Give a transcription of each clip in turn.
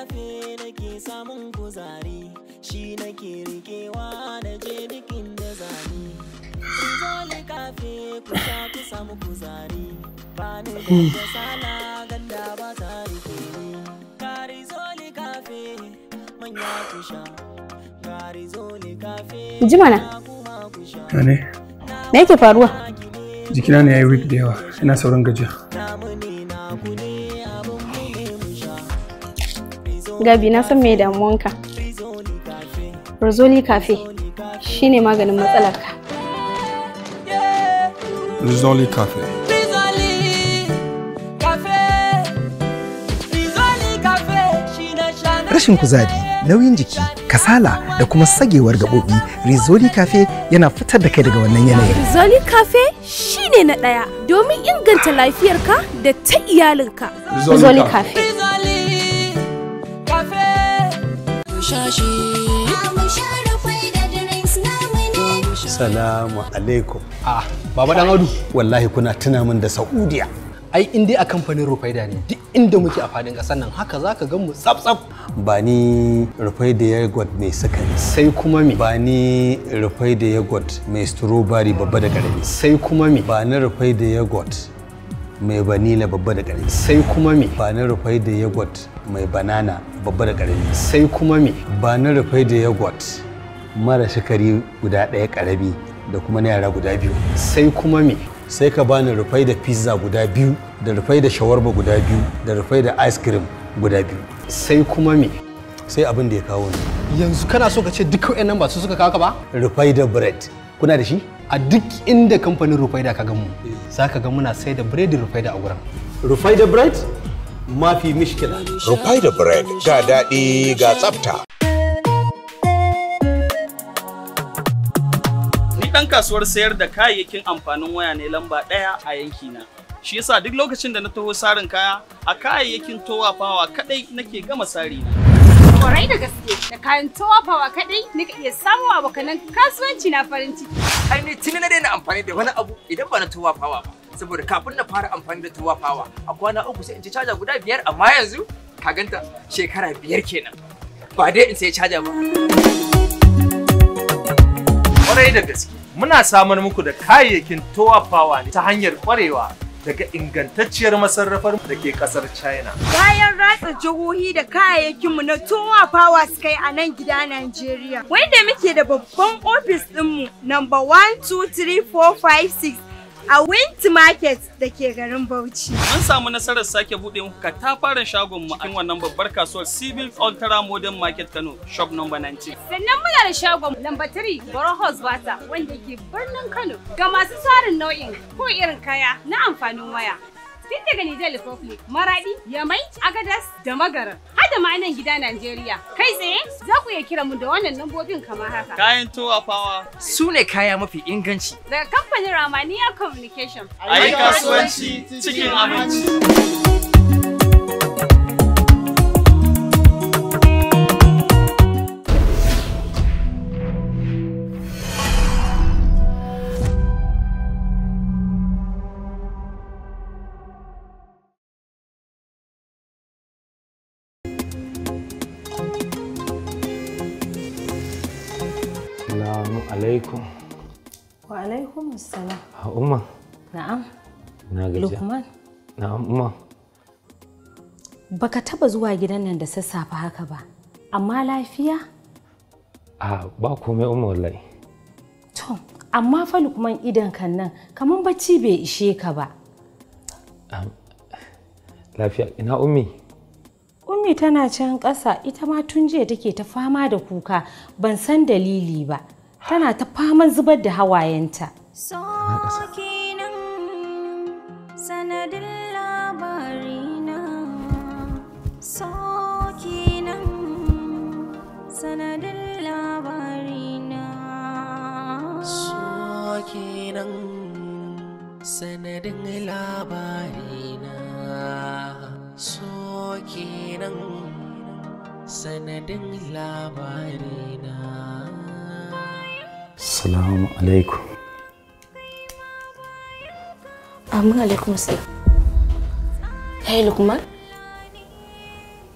safe nake samun kuzari shi nake rikewa na je bikin da zani zole kafe kusa ku samu kuzari ba ni da sala ganda ba ta rike ni kari zole kafe manya ku sha kari zole kafe ji mana ne me yake faruwa jikina ne yayi week da yawa ina sauran gajiya Gabi na san me damuwanka. Rizoli Cafe shine maganin matsalarka. Rizoli Cafe. Rashin kuzari, nauyin jiki, kasala da kuma sagewar gaɓoɓi, Rizoli Cafe yana fitar da kai daga wannan yanayin. Rizoli Cafe ne na ɗaya domin inganta lafiyarka da ta iyalinka. Rizoli Cafe. shashi Salamu alaikum. Ah, Baba Dan Audu. Wallahi kuna tuna min da Saudiya. Ai in dai a kamfanin Rufaida ne duk inda muke a fadin ƙasar nan haka za ka gan mu tsaf Ba ni Rufaida yogurt mai sukari. Sai kuma mi. Ba ni Rufaida yogurt mai strawberry babba da ƙarami. Sai kuma mi. Ba ni Rufaida yogurt mai vanilla babba da ƙarami. Sai kuma mi. Ba ni Rufaida yogurt mai banana babba da karami sai kuma me ba na rufai da yogurt mara shikari guda ɗaya karami da kuma na yara guda biyu sai kuma me sai ka bani rufai da pizza guda biyu da rufai da shawarma guda biyu da rufai da ice cream guda biyu sai kuma me sai abin da ya kawo ni yanzu kana so ka ce duk wayannan ba su suka kawo ka ba rufai da bread kuna da shi a duk inda kamfanin da ka gamu za ka ga muna sai da biredi da a gurin da bread mafi mishkila. Rufai da bread ga daɗi ga tsafta. Ni ɗan kasuwar sayar da kayayyakin amfanin waya ne lamba ɗaya a yankina. Shi yasa duk lokacin da na taho sarin kaya a kayayyakin towa fawa kaɗai nake gama sari Kwarai da gaske da kayan towa fawa kaɗai nika iya samun abokanan kasuwanci na farin ciki. Ai ni tuni na daina amfani da wani abu idan ba na towa fawa ba. saboda kafin na fara amfani da tuwa fawa a kwana uku sai in ci caja guda biyar amma yanzu ka shekara biyar kenan ba dai in sai caja ba kwarai da gaske muna samar muku da kayayyakin tuwa fawa ne ta hanyar kwarewa daga ingantacciyar masarrafar da ke kasar China. Bayan ratsa jihohi da kayayyakinmu na Towa Power Sky a nan gida Najeriya, wanda muke da babban ofis ɗinmu number 123456 a Wint Market da ke garin Bauchi. An samu nasarar sake buɗe muka ta fara shagon mu a wannan babbar kasuwar Civil Ultra Modern Market Kano shop number 19. Sannan muna da shagon lamba 3 Borough Bata wanda ke birnin Kano ga masu tsarin nau'in ko irin kaya na amfanin waya. tun daga Nijar Republic, Maradi, Yamai, Agadas da Magaran. Hada ma'anan gida Najeriya. Kai tsaye za ku iya kiran mu da wannan lambobin kamar haka. Kayan tuwa fawa. Su ne kaya mafi inganci. Daga kamfanin Ramaniya Communication. Ayi kasuwanci cikin aminci. alaikum. Wa alaikum assalam. Ha umma. Na'am. Na gaji. Lukman. Na'am umma. Baka taba zuwa gidan nan da sassafe haka ba. Amma lafiya? A ba komai umma wallahi. To, amma fa Lukman idan kan nan kaman bacci bai ishe ka ba. Lafiya ina ummi? Ummi tana can ƙasa ita ma tun jiya take ta fama da kuka ban san dalili ba. tana ta faman zubar da hawayenta. sanadin labarina sokinan sanadin labarina sokinan sanadin labarina sokinan sanadin labarina Assalamu alaikum. Amin alaikum salam. Hey Lukman,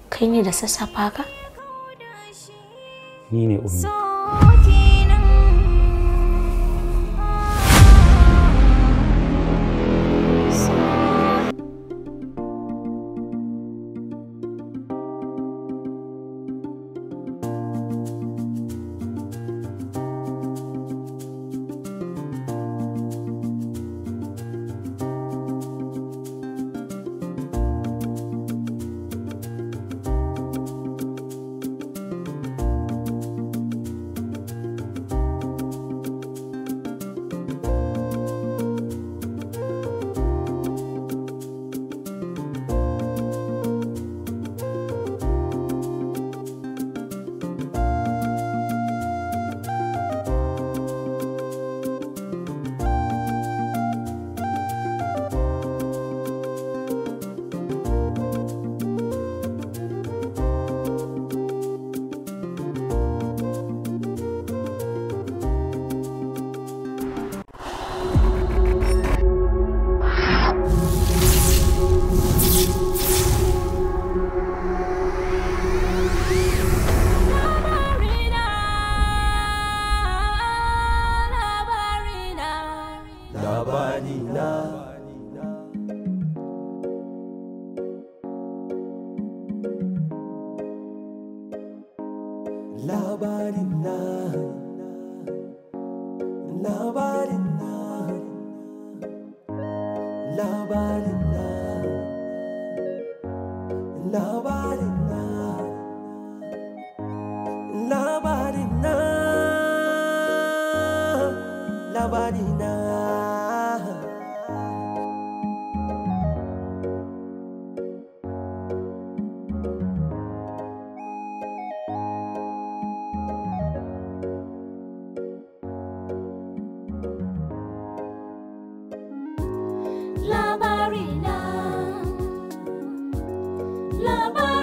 kai ne da sassafa ka? Ni ne Ummi. La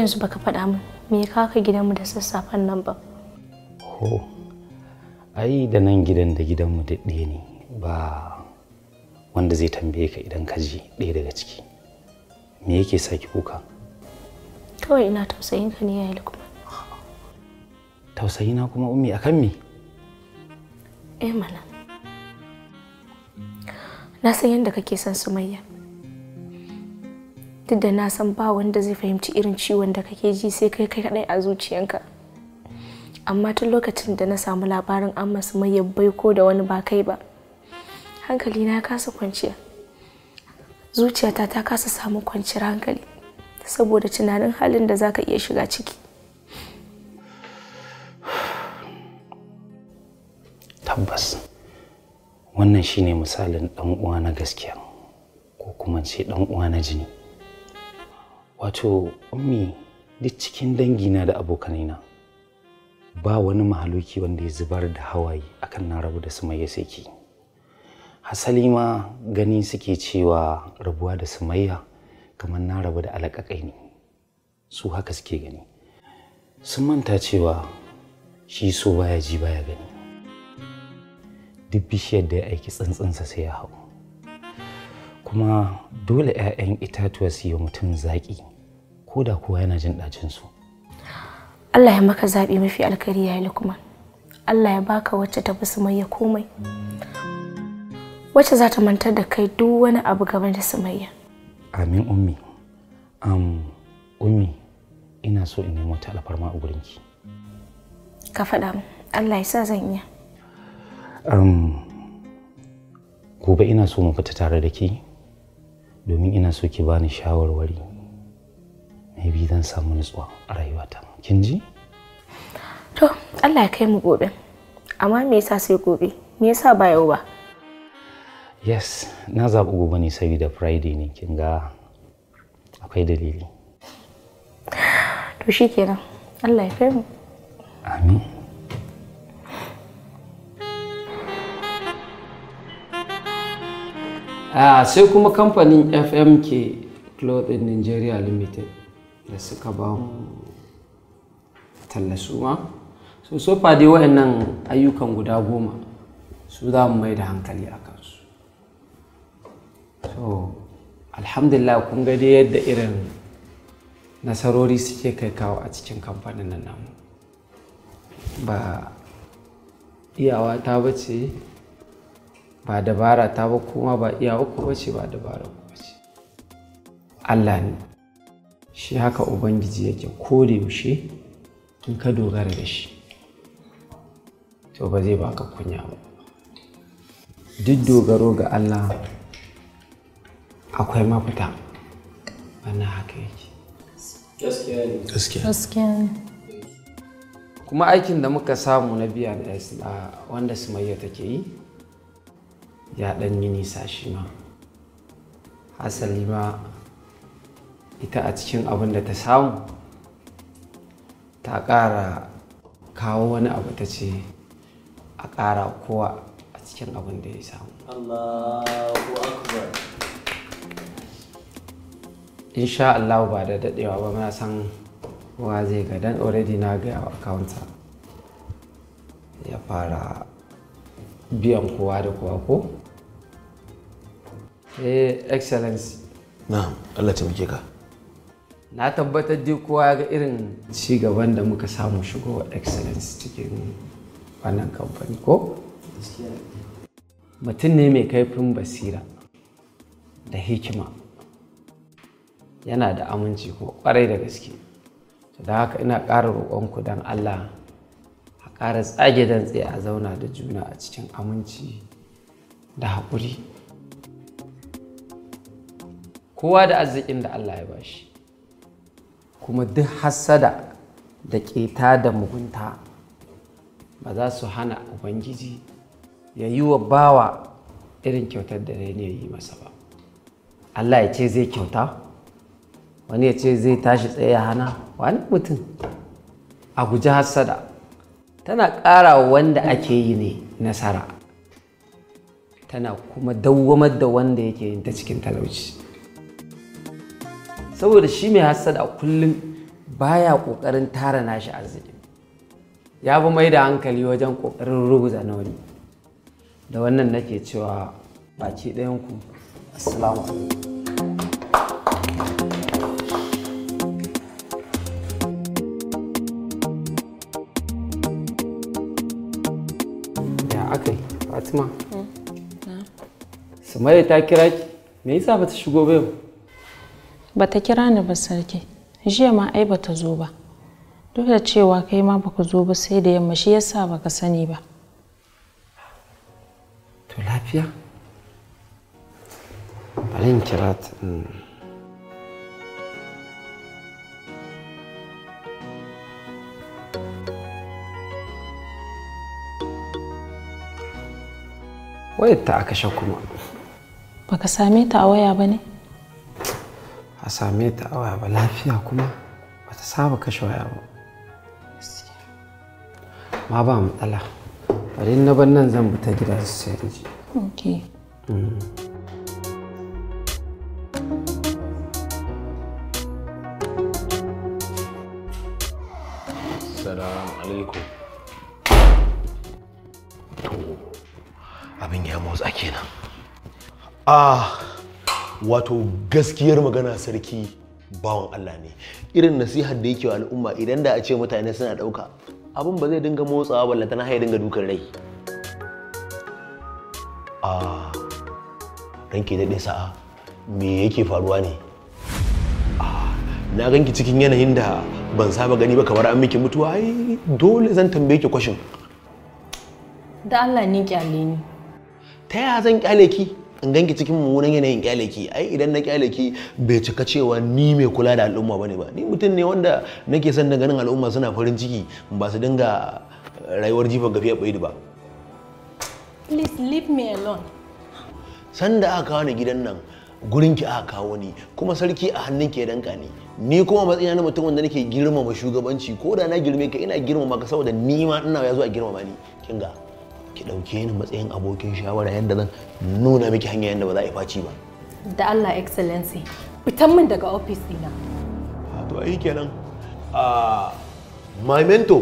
yanzu baka faɗa min me ya kaka mu da sassafen nan ba ho ai da nan gidan da gidanmu mu ɗaya ne ba wanda zai tambaye ka idan ka ji ɗaya daga ciki me yake sa ki kuka kawai ina tausayin ka ne yayi kuma tausayi kuma ummi akan me eh mana na san yadda kake son sumayya duk da na san ba wanda zai fahimci irin ciwon da kake ji sai kai kai kadai a zuciyanka amma tun lokacin da na samu labarin an masu yabbai ko da wani ba kai ba hankali na kasa kwanciya zuciyata ta kasa samu kwanciyar hankali saboda tunanin halin da zaka iya shiga ciki tabbas wannan shine misalin dan uwa na gaskiya ko kuma ce dan uwa na jini wato ummi duk cikin dangina da na ba wani mahaluki wanda ya zubar da hawaye akan na rabu da sumayya sai ki hasali ma gani suke cewa rabuwa da sumayya kamar na rabu da alaƙaƙai ne su haka suke gani sun manta cewa shi so baya ji baya gani duk bishiyar da ya aiki tsantsansa sai ya hau kuma dole 'ya'yan itatuwa su yi mutum zaƙi ko da kuwa yana jin su. Allah ya maka zaɓi mafi alkari ya yi lukman. Allah ya baka wacce ta fi sumayya komai. Wacce za ta mantar da kai duk wani abu game da sumayya. Amin ummi. Um, ummi ina so in nemo ta alfarma a gurinki. Ka faɗa mu. Allah ya sa zan iya. Um, gobe ina so mu fita tare da ke domin ina so ki bani shawarwari maybe zan samu nutsuwa a rayuwata kin ji to Allah ya kai mu gobe amma me yasa sai gobe me yasa ba yau ba yes na zaɓi gobe ne saboda friday ne kin ga akwai dalili to shikenan Allah ya kai mu amin Ah, sai kuma kamfanin fmk clothing nigeria limited da suka ba mu tallasu ma so so fa dai waɗannan ayyukan guda goma su za mu mai da hankali a kansu so alhamdulillah kun ga dai yadda irin nasarori suke kai kawo a cikin kamfanin nan namu ba iyawa ta bace ba dabara ta ba kuma ba iyawa ku bace ba dabara ku bace Allah ne shi haka ubangiji yake ko da yaushe in ka dogara da shi to ba zai baka kunya ba duk dogaro ga allah akwai mafita wannan haka yake kuma aikin da muka samu na biya da wanda sumayya take yi ya ɗan yi nisa shi ma hasali ma ita a cikin abin da ta samu ta kara kawo wani abu ta ce a ƙara kowa a cikin abin da ya samu Allahu Akbar Allah ba da daɗewa ba na san wa zai ga dan already na ga a kawunta ya fara biyan kowa da kowa ko? eh excellence na Allah muke ka na tabbatar duk kowa ya ga irin ci gaban da muka samu shigo excellence cikin wannan kamfani ko? mutum ne mai kaifin basira da hikima yana da aminci ko kwarai da gaske da haka ina ƙara roƙonku don allah a ƙara tsage dantse a zauna da juna a cikin aminci da haƙuri kowa da arzikin da allah ya bashi kuma duk hassada da ƙeta da mugunta ba za su hana ubangiji ya yi wa bawa irin kyautar da rai ne yi masa ba allah ya ce zai kyauta wani ya ce zai tashi tsaye ya hana wani mutum a guji hassada tana ƙara wanda ake yi ne nasara tana kuma dawwamar da wanda yake yin ta cikin talauci saboda shi mai hassada kullum baya kokarin tara nashi arziki ya fi mai da hankali wajen kokarin ruguza nauri da wannan nake cewa baki ɗayan ku assalamu Ya aka yi fatima hmm. sumayya ta kira ki me yasa ba ta shigo ba ba ta kira ni ba sarki jiya ma ai ba ta zo ba duk da cewa kai ma baka zo ba sai da yamma shi yasa baka sani ba to lafiya bari kira ta mm. wayar ta aka sha kuma baka same ta a waya ba ne same ta a waya ba lafiya kuma ba ta saba kashe waya ba ma ba matsala bari na ban nan zan ta gida su sai ji abin ya motsa kenan ah wato gaskiyar magana sarki bawan Allah ne irin nasihar da yake wa al'umma idan da a ce mutane suna ɗauka abin ba zai dinga motsawa ballata haya dinga dukan rai a ranke daɗe sa'a me yake faruwa ne na ganki cikin yanayin da ban saba gani ba kamar an miki mutuwa ai dole zan tambaye ki kwashin da Allah ne kyale ni ta yaya zan kyale ki in ganki cikin mummunan yanayin kyaleki ai idan na kyaleki bai cika cewa ni mai kula da al'umma bane ba ni mutum ne wanda nake son ganin al'umma suna farin ciki ba su dinga eh, rayuwar jifa gafi a ba please leave sanda aka kawo ni gidan nan gurin ki aka kawo ni kuma sarki a hannun ki danka ni ni kuma matsayina na mutum wanda nake girmama shugabanci ko da na girme ka ina girmama ka saboda ni ma ina ya zo a girmama ni kinga ki ɗauke ni matsayin abokin shawara yadda zan nuna miki hanya yadda ba za a yi faci ba da Allah excellency fitan min daga office dina to ai kenan a my mentor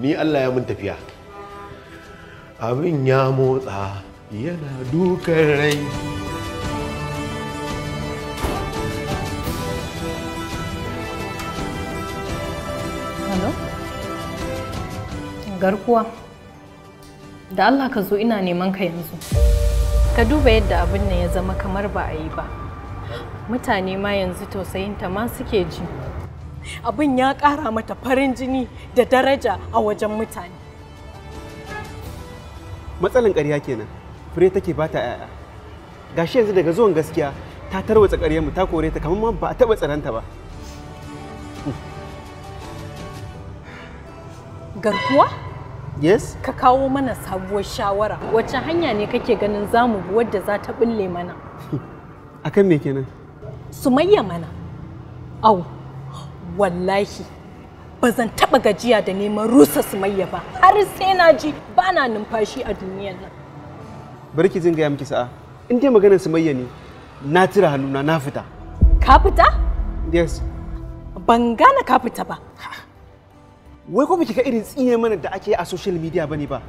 ni Allah ya mun tafiya abin ya motsa yana dukan rai Garkuwa. da Allah ka zo ina neman ka yanzu ka duba yadda abin nan ya zama kamar ba a yi ba mutane ma yanzu tausayinta ma suke ji abin ya kara mata farin jini da daraja a wajen mutane matsalan ƙarya kenan fure take ba ta 'ya'ya gashi yanzu daga zuwan gaskiya ta tarwatsa mu ta kore ta kamar ma ba a taɓa tsananta ba garkuwa? yes ka kawo mana sabuwar shawara wacce hanya ne kake ganin zamu bi wadda za ta bulle mana akan me kenan sumayya mana au wallahi ba zan taɓa gajiya da neman rusa sumayya ba har sai na ji ba na numfashi a duniyar nan bari ki jin gaya miki sa'a in dai maganar sumayya ne na tira hannuna na fita ka fita yes ban gane ka fita ba wai ko biki irin tsine mana da ake a social media bane ba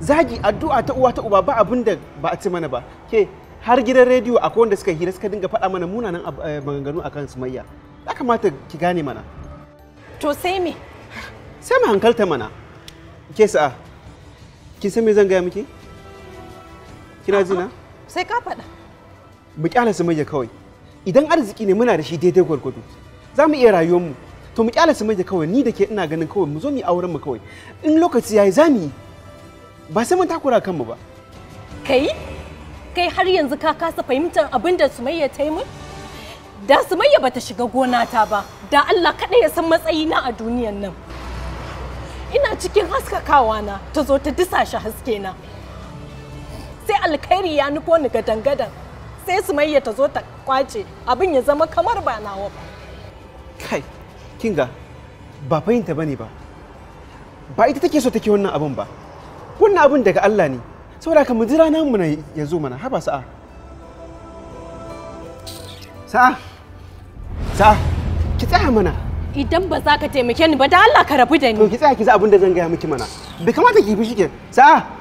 zagi addu'a ta uwa ta uba ba abin da ba a ci mana ba ke har gidan rediyo akwai wanda suka hira suka dinga faɗa mana munanan eh, maganganu akan sumayya ya kamata ki gane mana to sai me sai mu hankalta mana ke sa'a kin san me zan gaya miki kina ji na sai ka faɗa mu kyala sumayya kawai idan arziki ne muna da shi daidai gwargwado za mu iya rayuwar mu to mu kyale su mai da kawai ni da ke ina ganin kawai mu zo mu auren mu kawai in lokaci yayi za mu yi ba sai mun takura kanmu ba kai kai har yanzu ka kasa fahimtar abin da Sumayya ta yi mun da Sumayya bata shiga gona ta ba da Allah kaɗai ya san matsayina a duniyar nan ina cikin haskakawa na ta zo ta disa shi haske na sai alkhairi ya nufo ni gadan-gadan sai Sumayya ta zo ta kwace abin ya zama kamar ba nawa ba kai kinga ba fahimta bane ba ba ita take so take wannan abun ba wannan abun daga Allah ne saboda haka mu jira nan mu ya zo mana haba sa'a sa'a sa'a ki tsaya mana idan ba za ka taimake ni ba da Allah ka rabu da ni to ki tsaya ki za abin da zan gaya miki mana bai kamata ki bi shike sa'a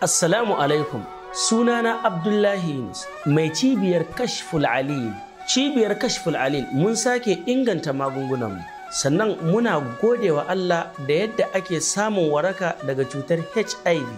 Assalamu alaikum sunana abdullahi yunus mai cibiyar kashful alil cibiyar kashful alil mun sake inganta magungunanmu sannan muna godewa allah da yadda ake samun waraka daga cutar hiv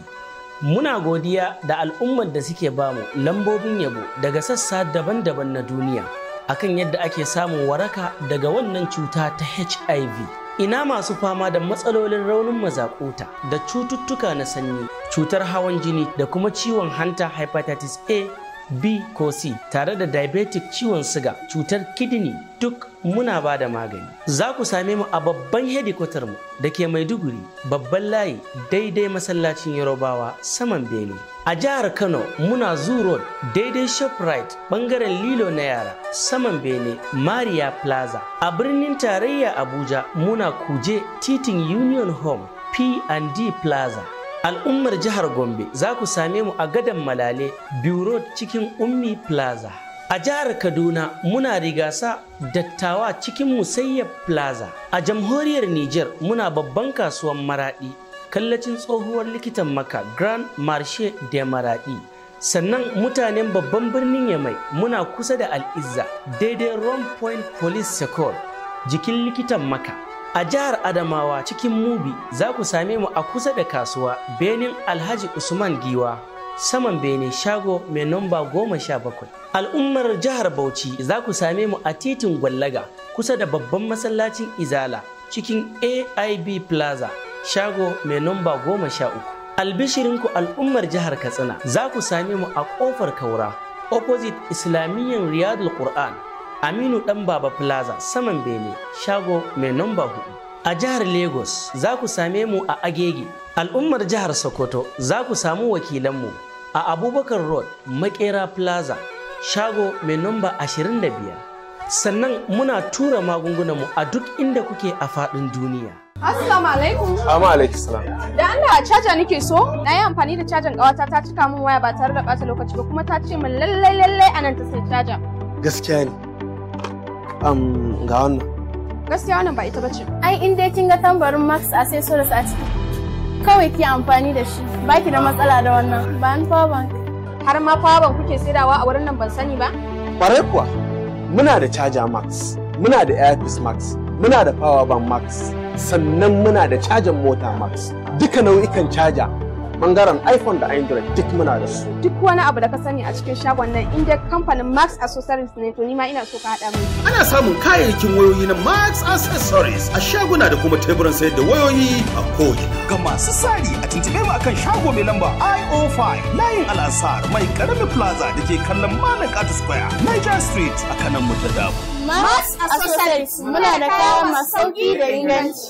muna godiya da al'ummar da suke bamu lambobin yabo daga sassa daban-daban na duniya akan yadda ake samun waraka daga wannan cuta ta hiv ina masu fama da matsalolin raunin mazakuta da cututtuka na sanyi cutar hawan jini da kuma ciwon hanta hepatitis a b ko c tare da diabetic ciwon siga cutar kidney duk muna ba da magani. Za ku same mu a babban hedikwatar mu da ke Maiduguri babban layi daidai masallacin Yarobawa saman Bene. A jihar Kano muna Zoo Road daidai Shoprite bangaren Lilo na yara saman Bene Maria Plaza. A birnin tarayya Abuja muna Kuje titin Union Home P&D Plaza. Al'ummar jihar Gombe za ku same mu a gadon Malale, Bureau cikin Ummi Plaza. A jihar Kaduna muna rigasa dattawa cikin Musayyar Plaza. A jamhuriyar Nijar muna babban kasuwan maraɗi, kallacin tsohuwar likitan maka Grand Marche de Maradi. Sannan mutanen babban birnin Yamai muna kusa da Al'izza daidai Rome Point Police Secor jikin likitan maka. A jihar Adamawa cikin Mubi za ku same mu a kusa da kasuwa Benin Alhaji Usman Giwa. saman bene shago mai nomba goma sha bakwai. Al'ummar jihar Bauchi za ku same mu a titin Gwallaga kusa da babban masallacin Izala cikin AIB Plaza shago mai nomba goma sha uku. Albishirinku al'ummar jihar Katsina za ku same mu a ƙofar Kaura opposite Islamiyyar Riyadul Qur'an Aminu ɗan Baba Plaza saman bene shago mai nomba hudu. A jihar Lagos za ku same mu a Agege Al'ummar jihar Sokoto za ku samu wakilanmu a Abubakar Road Makera Plaza shago mai namba 25. Sannan muna tura magungunanmu a duk inda kuke a faɗin duniya. Assalamu alaikum. Amma alaikum salam. Da a caja nake so, na yi amfani da cajan ƙawata ta cika min waya ba tare da ɓata lokaci ba kuma ta ce min lallai lallai a nan ta sai caja. Gaskiya ne. Um, ga wannan. Gaskiya wannan ba ita ba ce. Ai in dai kin ga tambarin Max da sa ciki. kawai ke amfani da shi Ba ki da matsala da wannan ba ni power bank har ma power bank kuke sayarwa a wurin nan ban sani ba kware kuwa muna da charger max muna da airpiece max muna da power bank max sannan muna da charger mota max duka nau'ikan charger bangaren iphone da android duk muna da su duk wani abu da ka sani a cikin shagon nan inda kamfanin max accessories ne to nima ina so ka haɗa mu ana samun kayayyakin wayoyi na max accessories a shaguna da kuma teburan sayar da wayoyi a koyi ga masu sari a tuntube mu akan shago mai lamba io5 layin al'asar mai karamin plaza da ke kallon malam katu square niger street a kanan mu da dabo max accessories muna da kaya masu sauki da inganci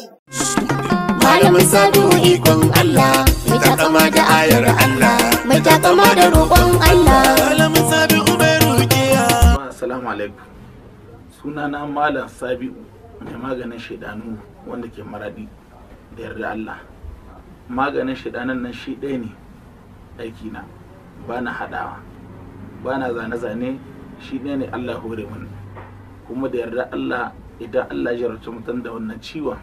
Malamin sabu ikon Allah takama da ayar Allah mai takama da roƙon Allah malamin sabi'u mai rukiya assalamu alaikum na malam sabi'u mai maganin shaidanu wanda ke maradi da yarda Allah maganin shaidanan nan shi ɗaya ne aiki na ba na haɗawa ba na zane-zane shi ɗaya ne Allah hore mun kuma da yarda Allah idan Allah ya jarrace mutum da wannan ciwon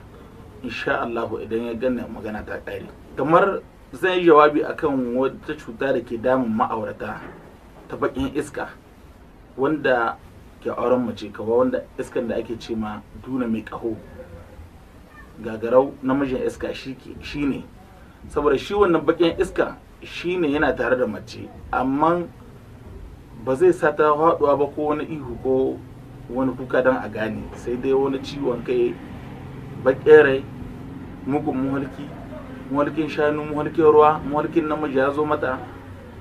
insha Allah idan ya gane magana ta ƙare kamar zan yi jawabi akan wata cuta da ke damun ma'aurata ta bakin iska wanda ke auren mace kawa wanda iskan da ake ce ma duna mai kaho gagarau namijin iska shi ne saboda shi wannan bakin iska shi ne yana tare da mace amma ba zai sa ta haɗuwa ba ko wani ihu ko wani kuka don a gane sai dai wani ciwon kai rai mugun muhalki mulkin shanu mulkin ruwa mulkin namiji ya zo mata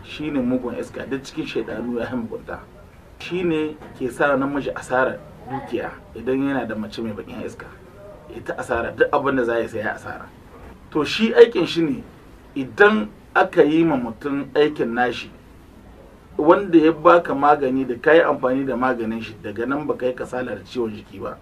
shine mugun iska duk cikin shaidanu ya hambunta shine ke sa namiji asara dukiya idan yana da mace mai bakin iska ita asara duk abin da za ya sai asara to shi aikin shi ne idan aka yi ma mutum aikin nashi wanda ya baka magani da ka amfani da maganin shi daga nan baka yi kasala da ciwon jiki ba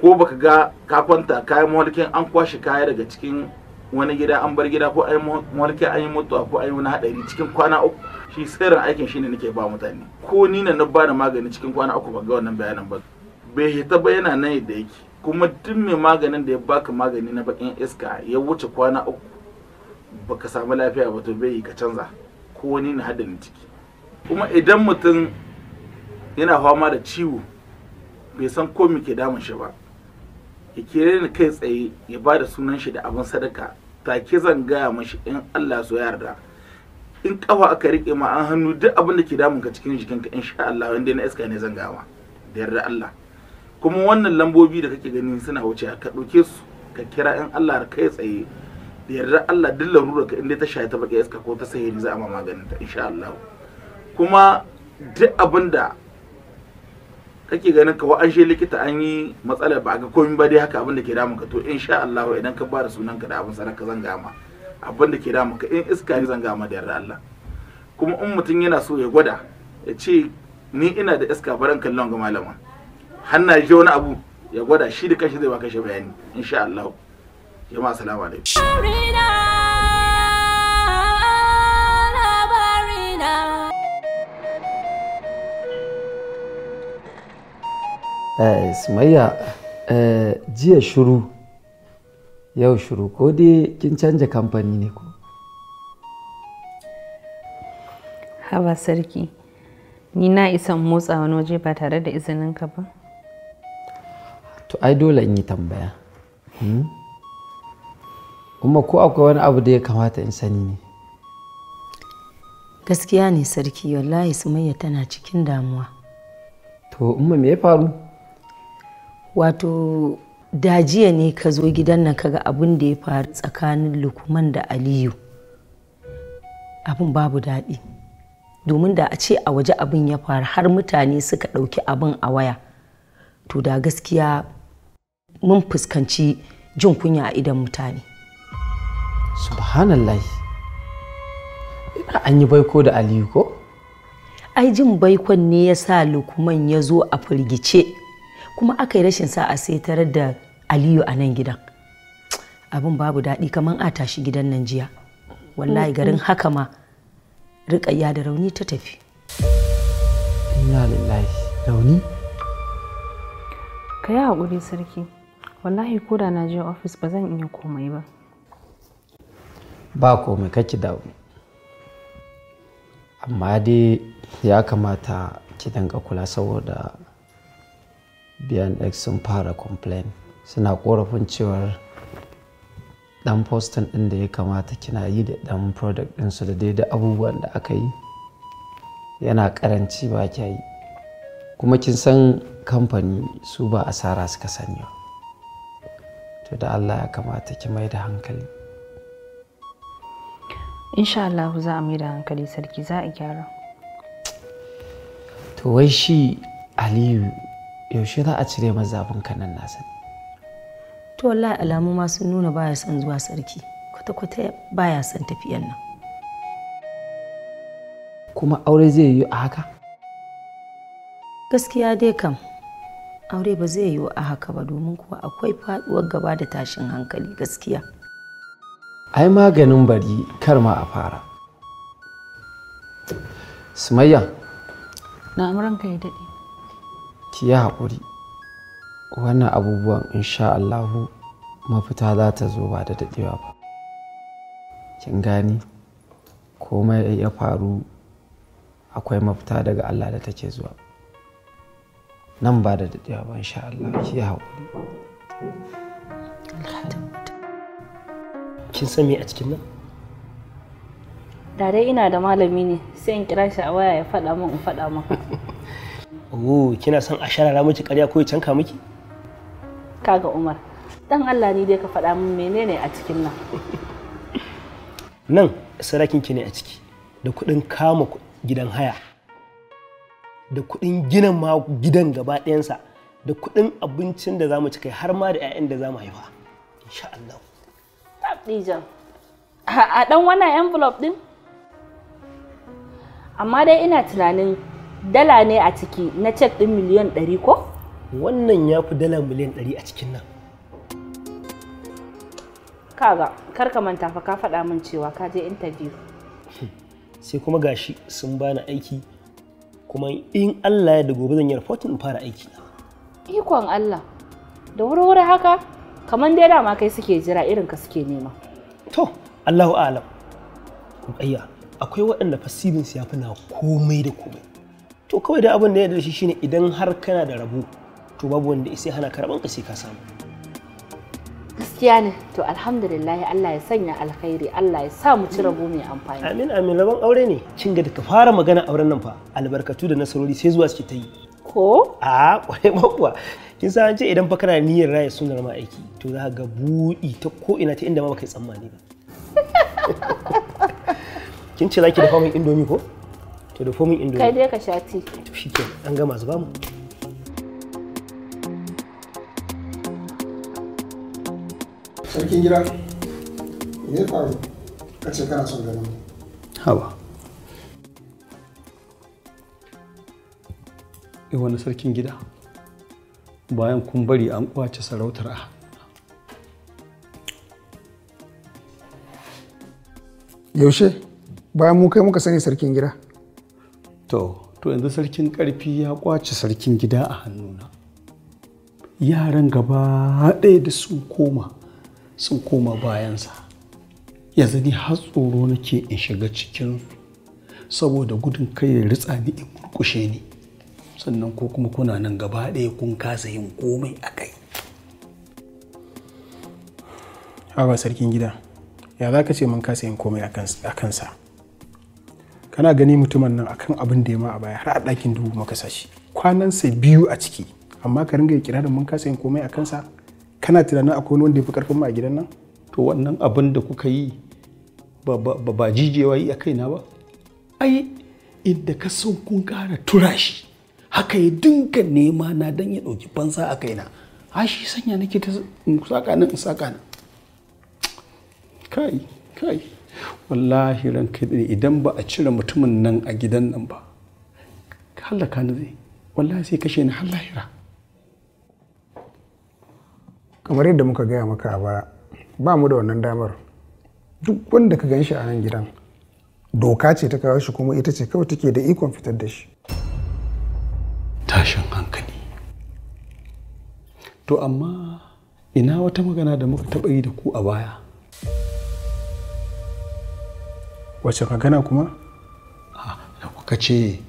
ko baka ga ka kwanta kayan mulkin an kwashe kaya daga cikin wani gida an bar gida ko an yi mulki an yi mutuwa ko an yi wani haɗari cikin kwana uku shi sirrin aikin shine nake ba mutane ko ni na ba da magani cikin kwana uku ba ga wannan bayanan ba bai hita ba yana nan yadda yake kuma duk mai maganin da ya baka magani na bakin iska ya wuce kwana uku baka samu lafiya ba to bai yi ka canza ko wani na haɗarin ciki kuma idan mutum yana fama da ciwo bai san ko me ke damun shi ba ya kere ni kai tsaye ya ba da sunan shi da abin sadaka take zan gaya mashi in Allah so yarda in kafa aka rike ma an hannu duk abin da ke damun ka cikin jikinka insha Allah wanda na iska ne zan gawa da yarda Allah kuma wannan lambobi da kake gani suna wuce ka ɗauke su ka kira in Allah kai tsaye da yarda Allah duk larura ka inda ta shaye ta baka iska ko ta ni za a ma maganin ta insha Allah kuma duk abin da kake ganin ka an shi likita an yi matsalar ba ga komai ba dai haka abin da ke damun ka to insha Allah idan ka bada sunan ka da abin sadaka zan zanga ma abin da ke damun ka in iska ne zan ga ma da yarda Allah kuma in mutum yana so ya gwada ya ce ni ina da iska baran kallon ga malama hanna ji wani abu ya gwada shi da kashi zai ba kashi bayani in insha Allah jama'a assalamu alaikum Eh, Sumayya eh, jiya shuru yau shuru ko dai kin canja kamfani ne ko? Haba sarki, ni na isa motsa wani waje ba tare da izininka ba? To ai dole in yi tambaya. Hmm? Kuma ko akwai wani abu da ya kamata in sani ne? Gaskiya ne sarki wallahi Sumayya tana cikin damuwa. To, umma me ya faru? wato dajiya ne ka zo gidan nan kaga abin da ya faru tsakanin lukman da aliyu abin babu daɗi domin da a ce a waje abin ya faru har mutane suka ɗauki abin a waya to da gaskiya mun fuskanci jin kunya a idan mutane subhanallah an yi baiko da aliyu ko ai jin baikon ne ya sa lukman ya zo a firgice kuma aka yi rashin sa'a sai tarar da aliyu a nan gidan abin babu daɗi kamar a tashi gidan nan jiya wallahi garin haka ma riƙayya da rauni ta tafi inna rauni ka yi haƙuri sarki wallahi ko da na je ofis ba zan iya komai ba ba komai kaki da amma dai ya kamata ki danga kula saboda bnx sun fara complain suna korafin cewar dan postin din da ya kamata kina yi da dan product din su da dai da abubuwan da aka yi yana karanci ba yi kuma kin san kamfani su ba asara suka sanya to da allah ya kamata ki mai da hankali insha Allah za a mai da hankali sarki za a gyara to wai shi aliyu yaushe za a cire masa zafin kanan nasa ne to Allah alamu ma sun nuna baya son zuwa sarki kwata-kwata baya son tafiyan nan kuma aure zai yiwu a haka gaskiya dai kam aure ba zai yiwu a haka ba domin kuwa akwai faduwar gaba da tashin hankali gaskiya ai maganin bari kar ma a fara sumayya na amuranka ya daɗe ki yi haƙuri wannan abubuwan insha Allahu mafita za ta zo ba da daɗewa ba kin gani komai ya faru akwai mafita daga Allah da take zuwa nan ba da daɗewa ba insha Allah ki yi haƙuri kin san me a cikin nan da dai ina da malami ne sai in kira shi a waya ya faɗa min in faɗa maka oh kina son a sharara miki ƙarya ko ya canka miki kaga umar dan allah ni dai ka faɗa min menene a cikin nan nan sarakin ki ne a ciki da kuɗin kama gidan haya da kuɗin gina ma gidan gaba ɗayansa da kuɗin abincin da za mu ci kai har ma da 'ya'yan da za mu haifa insha Allah Tabdijan a ɗan wannan envelope ɗin amma dai ina tunanin dala ne a ciki na cek ɗin miliyan ɗari ko? Wannan ya fi dala miliyan ɗari a cikin nan. Kaga, kar ka manta fa ka faɗa min cewa ka je interview. Sai kuma gashi sun bani aiki kuma in Allah ya da gobe zan yi in fara aiki. Ikon Allah, da wuri-wuri haka kamar dai dama kai suke jira irin ka suke nema. To, Allahu alam. Ayya, akwai waɗanda fasibin ya fi na komai da komai. to kawai da abin da ya da shi shine idan har kana da rabu to babu wanda sai hana karban ka sai ka samu gaskiya ne to alhamdulillah Allah ya sanya alkhairi Allah ya sa mu ci rabu mai amfani amin amin rabon aure ne kin ga ka fara magana auren nan fa albarkatu da nasarori sai zuwa suke ta yi ko a kwai kuwa kin san ce idan fa kana niyyar raya sunar ma aiki to za ga buɗi ta ko ina ta inda ma baka tsammani ba kin ce zaki dafa min indomi ko to da fomin indomi kai dai ka sha ti shi an gama zuba sarkin gida me faru ka ce kana son ganin hawa e eh, wani bayan kun bari an kwace sarautar a yaushe bayan mu kai muka sani sarkin gida to to yanzu sarkin ƙarfi ya kwace sarkin gida a hannuna yaran gaba ɗaya da sun koma sun koma bayansa yanzu ni har tsoro nake in shiga cikin saboda gudun kai ya ritsa ni in kurkushe ni sannan ko kuma kuna nan gaba ɗaya kun kasa yin komai a kai Haba sarkin gida, ya za ka ce mun kasa yin komai a kansa? kana gani mutumin nan akan abin da ya ma a baya har a ɗakin dubu maka sashi kwanansa biyu a ciki amma ka ringa kirarin mun kasa yin komai a kansa kana tunanin akwai wanda ya fi karfin mu a gidan nan to wannan abin da kuka yi ba jijewa yi a kaina ba ai inda ka san kun gara tura shi haka ya dinka nema na dan ya ɗauki fansa a kaina a shi sanya nake ta saka nan saka nan kai kai wallahi ranka idan ba a cire mutumin nan a gidan nan ba hallaka ni zai wallahi sai kashe ni har lahira kamar yadda muka gaya maka a ba mu da wannan damar duk wanda ka ganshi a nan gidan doka ce ta kawo shi kuma ita ce kawai take da ikon fitar da shi tashin hankali to amma ina wata magana da muka taɓa yi da ku a baya wace magana kuma ah, da kuka ce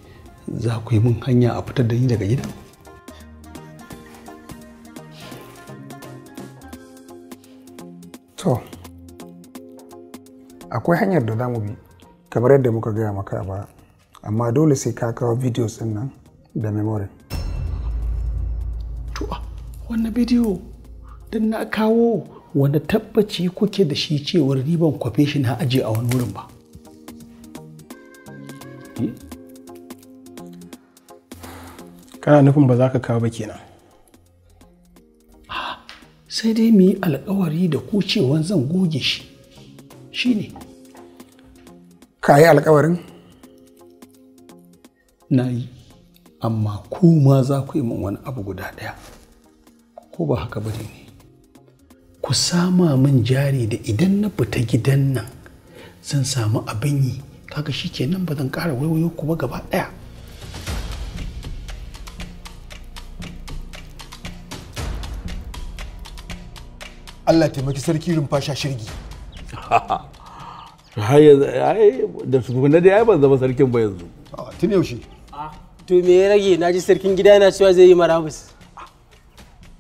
za ku yi min hanya a fitar da ni daga gida to akwai hanyar da zamu bi kamar yadda muka gaya maka ba amma dole sai ka kawo videos din nan da memory to ah, wannan bidiyo din na kawo wanda tabbaci kuke da shi cewar riban kwafe shi na aje a wani wurin ba kana nufin ba za ka kawo ba kenan sai dai mu yi alkawari da ku cewan zan goge shi shi ne ka yi alkawarin na yi amma ku ma za ku yi min wani abu guda ɗaya ko ba haka ba ne ku sama min jari da idan na fita gidan nan zan samu abin yi kaga shi kenan ba zan ƙara waiwayo ku ba gaba ɗaya Allah taimaki sarki rumfasha shirgi da tukunna da ya ban zama sarkin ba yanzu tun yaushe to me ya rage na ji sarkin gida yana cewa zai yi marabus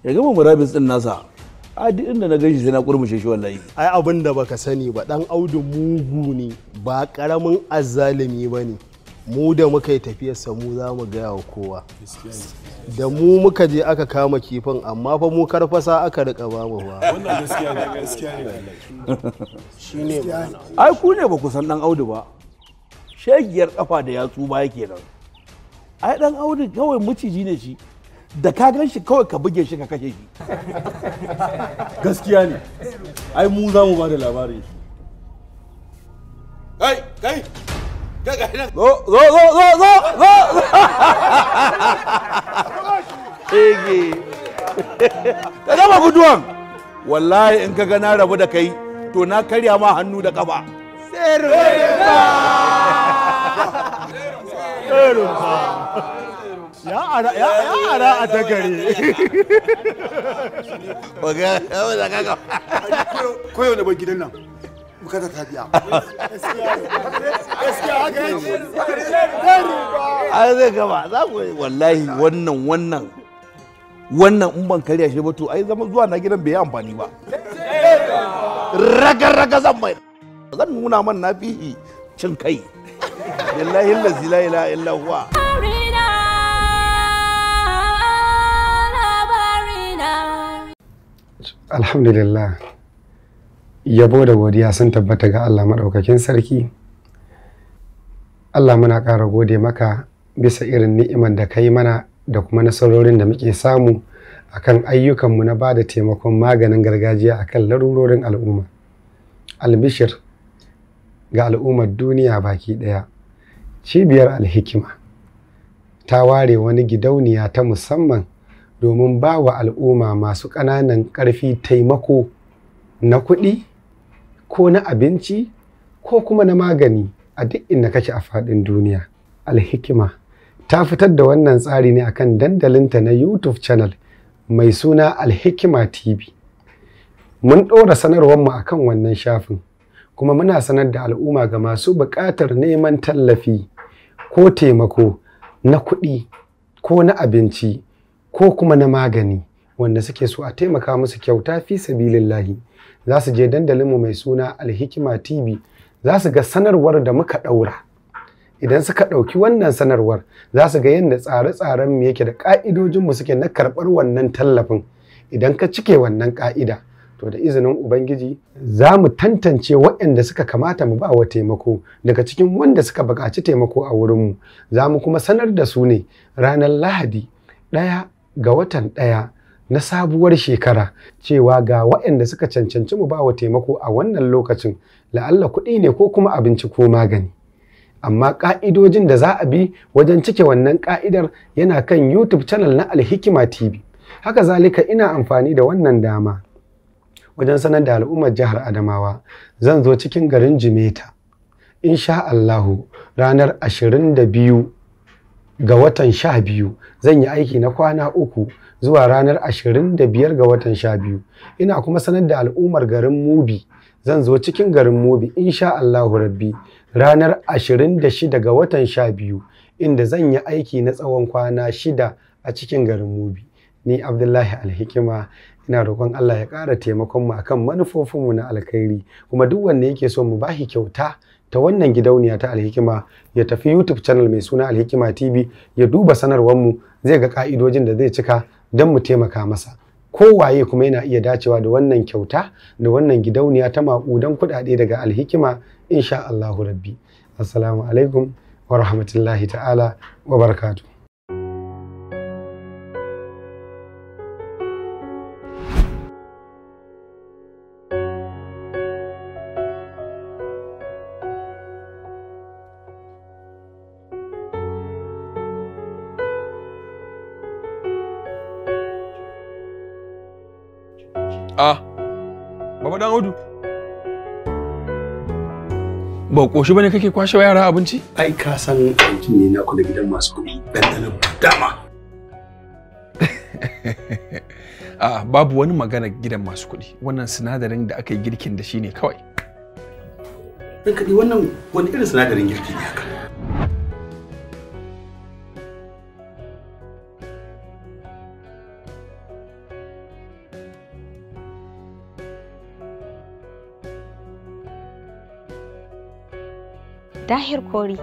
ya gama marabus din nasa a duk inda na gaishe sai na kurmushe shi wallahi ai abin da baka sani ba dan audu mugu ne ba karamin ba ne mu da muka yi tafiyar mu za mu gaya wa kowa da mu muka je aka kama kifin amma fa mu karfasa aka rika ba mu ba wannan gaskiya ne gaskiya ne ne ai ku ne ba ku san dan Audu ba shegiyar kafa da yatsu ba yake nan ai dan Audu kawai muciji ne shi da ka gan shi kawai ka buge shi ka kashe shi gaskiya ne ai mu za mu ba da labarin shi kai kai zo gama guduwan wallahi in ka ga na rabu da kai to na karya ma hannu da kafa ya ara ya ara a ta gare ne ba gidan nan bukata ta biya ai zai gaba za ku wallahi wannan wannan wannan in ban karya shi ba to ai zama zuwa na gidan bai yi amfani ba raga raga zan mai zan nuna man na fi cin kai billahi la ilaha illa huwa alhamdulillah yabo da godiya sun tabbata ga Allah maɗaukakin sarki Allah muna ƙara gode maka bisa irin ni'imar da ka yi mana da kuma nasarorin da muke samu a kan ayyukanmu na ba da taimakon maganin gargajiya a kan larurorin al'umma albishir ga al'ummar duniya baki ɗaya cibiyar alhikima ta ware wani gidauniya ta musamman domin ba wa al'umma masu ƙananan ƙarfi taimako na kuɗi ko na abinci ko kuma na magani a duk inda kake a faɗin duniya. Alhikima ta fitar da wannan tsari ne akan dandalinta na YouTube channel mai suna Alhikima TV. Mun ɗora sanarwarmu a kan wannan shafin, kuma muna sanar da al'umma ga masu buƙatar neman tallafi ko taimako na kuɗi ko na abinci ko kuma na magani wanda suke so a taimaka musu kyauta fi sabilillahi. za su je dandalinmu mai suna alhikima tv za su ga sanarwar da muka ɗaura idan suka ɗauki wannan sanarwar za su ga yadda tsare-tsaren mu yake da ƙa'idojinmu suke na karɓar wannan tallafin idan ka cike wannan ƙa'ida to da izinin ubangiji za mu tantance waɗanda suka kamata mu ba wa taimako daga cikin wanda suka buƙaci taimako a wurinmu za mu kuma sanar da su ne ranar lahadi ɗaya ga watan ɗaya na sabuwar shekara cewa ga waɗanda suka cancanci mu ba wa taimako a wannan lokacin la'alla kuɗi ne ko kuma abinci ko magani amma ƙa'idojin da za a bi wajen cike wannan ƙa'idar yana kan youtube channel na alhikima tv haka zalika ina amfani da wannan dama wajen sanar da al'ummar jihar adamawa zan zo cikin garin jimeta insha allahu ranar 22 ga watan 12 zan yi aiki na kwana uku zuwa ranar 25 ga watan 12 ina kuma sanar da al'ummar garin Mubi zan zo cikin garin Mubi insha Allahu Rabbi ranar 26 ga watan 12 inda zan yi aiki na tsawon kwana shida a cikin garin Mubi ni Abdullahi Alhikima ina roƙon Allah ya ƙara taimakon mu akan manufofinmu na alkhairi kuma duk wanda yake so mu bashi kyauta ta wannan gidauniya ta alhikima ya tafi YouTube channel mai suna alhikima TV ya duba sanarwar mu zai ga ka'idojin da zai cika don mu taimaka masa kowaye kuma yana iya dacewa da wannan kyauta da wannan gidauniya ta maƙudan kuɗaɗe daga alhikima insha Allahu rabbi assalamu alaikum wa rahmatullahi ta'ala wa barakatu Audu. Ba ƙoshi bane kake kwashe yara abinci? Ai ka san abincin ne na kula gidan masu kuɗi ɗanɗanon dama. a babu wani magana gidan masu kuɗi wannan sinadarin da aka yi girkin da shi ne kawai. Ɗan kaɗi wannan wani irin sinadarin girki ne haka? dahir kori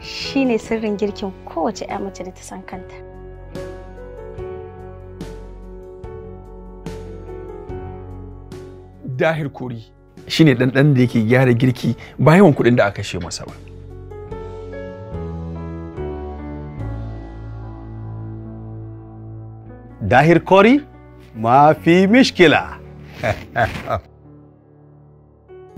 shine sirrin girkin kowace 'ya mace da ta san kanta dahir kori shine ɗanɗan da yake gyara girki ba yawan kuɗin da aka she masa ba dahir kori ma fi mishkila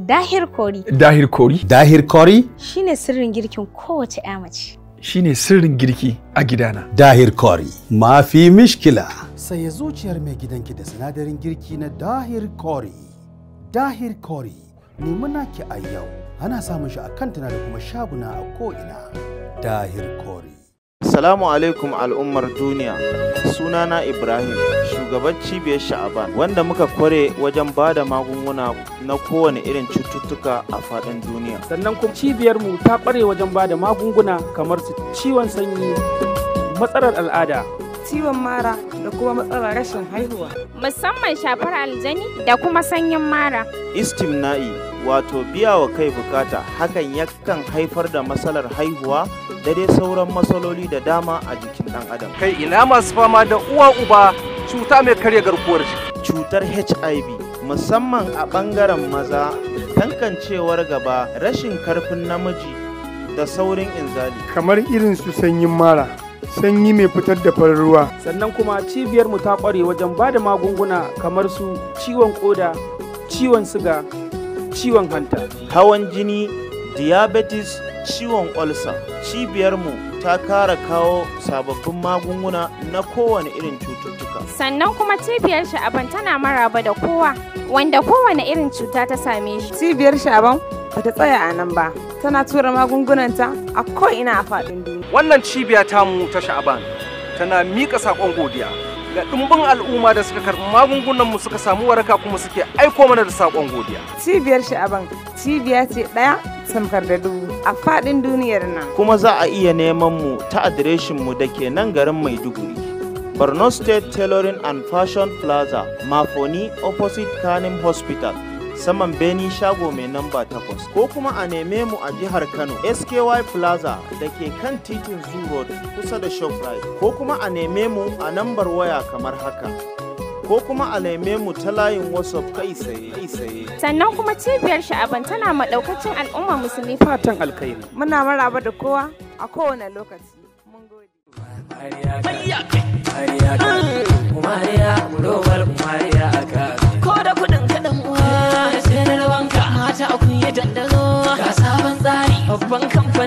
Dahir kori. Dahir kori. Dahir kori. Shine sirrin girkin kowace ƴa mace. Shine sirrin girki a gidana. Dahir kori. Ma fi mishkila. Saye zuciyar mai gidanki da sinadarin girki na dahir kori. Dahir kori. Nemi naki a yau. Ana samun shi a kantana da kuma shaguna a ko'ina. Dahir kori. Salamu alaikum al'ummar duniya. Sunana Ibrahim, shugaban cibiyar Sha'aban, wanda muka kware wajen ba da magunguna na kowane irin cututtuka a faɗin duniya. Sannan kuma cibiyarmu ta kware wajen ba da magunguna kamar su ciwon sanyi, matsalar al'ada, ciwon mara da kuma matsalar rashin haihuwa. Musamman shafar aljani da kuma sanyin mara. Istimna'i wato biya wa kai bukata hakan yakan haifar da matsalar haihuwa da dai sauran matsaloli da dama a jikin ɗan adam. Kai ina masu fama da uwa uba cuta mai karya garkuwar jiki. Cutar HIV musamman a ɓangaren maza tankancewar gaba rashin karfin namiji da saurin inzali. Kamar irin su sanyin mara. sanyi mai fitar da farin ruwa. Sannan kuma cibiyar mu ta ƙware wajen ba da magunguna kamar su ciwon ƙoda, ciwon siga, ciwon hanta. Hawan jini, diabetes, ciwon olsa. mu ta kara kawo sababbin magunguna na kowane irin cututtuka. Sannan kuma cibiyar sha'aban tana maraba da kowa, wanda kowane irin cuta ta same shi. Cibiyar sha'aban Ba ta tsaya a nan ba tana tura magungunanta a ko'ina a faɗin duniya. Wannan cibiya tamu ta sha'aban tana miƙa saƙon godiya ga ɗumbin al'umma da suka karɓi magungunan mu suka samu waraka kuma suke aiko mana da saƙon godiya. Cibiyar sha'aban cibiya ce ɗaya samkar da dubu a faɗin duniyar nan. Kuma za a iya neman mu ta adireshin mu da ke nan garin Maiduguri. Borno State Tailoring and Fashion Plaza, Mafoni opposite Kanem Hospital, saman beni shago mai namba takwas ko kuma a neme mu a jihar kano sky plaza da ke kan titin zoo road kusa da shoprite ko kuma a neme mu a nambar waya kamar haka ko kuma a neme mu ta layin WhatsApp kai tsaye. Sannan kuma cibiyar sha'aban tana maɗaukacin al'umma musulmi fatan alkhairi. Muna maraba da kowa a kowane lokaci. Mun gode.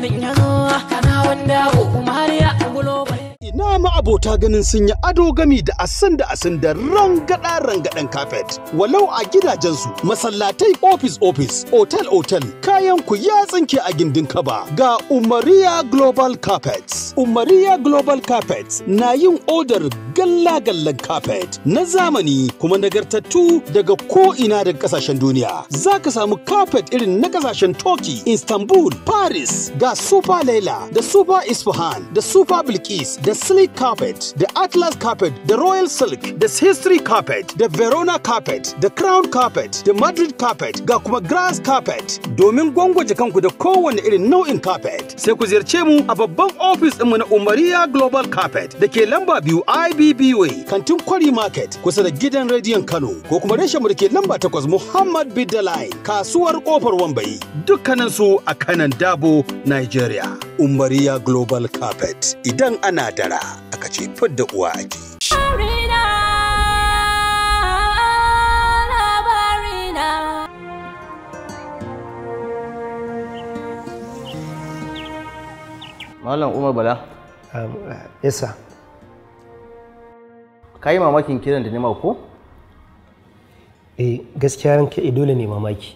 ganin ya zo kana wanda umariya a global ina ma abota ganin sun yi ado gami da asan da asan da rangada rangadan kafet walau a gidajensu masallatai office office otal otal kayan ku ya tsinke a gindin kaba ga umariya global carpets umariya global carpets na yin odar galla-gallan carpet na zamani kuma nagartattu daga ko ina daga kasashen duniya za ka samu carpet irin na kasashen turkey istanbul paris ga super laila da super isfahan da super bilkis da sleek carpet da atlas Royal Carpet, da Royal Silk, da History Carpet, da Verona Carpet, da Crown Carpet, da Madrid Carpet, ga kuma Grass Carpet. Domin gwangwaje kanku da kowane irin nau'in carpet, sai ku ziyarce mu a babban ofis ɗinmu na Umariya Global Carpet da ke lamba biyu IBB Way, kantin Kwari Market, kusa da gidan rediyon Kano, ko kuma reshen mu da ke lamba takwas Muhammad Bidalai, kasuwar kofar Wambayi, dukkanin su a kanan Dabo, Nigeria. Umaria Global Carpet, idan ana dara, aka ce da uwa Malam Umar Bala. Um, Isa. Ka yi mamakin kiran da nema ko? Eh gaskiya ranka eh, dole ne mamaki.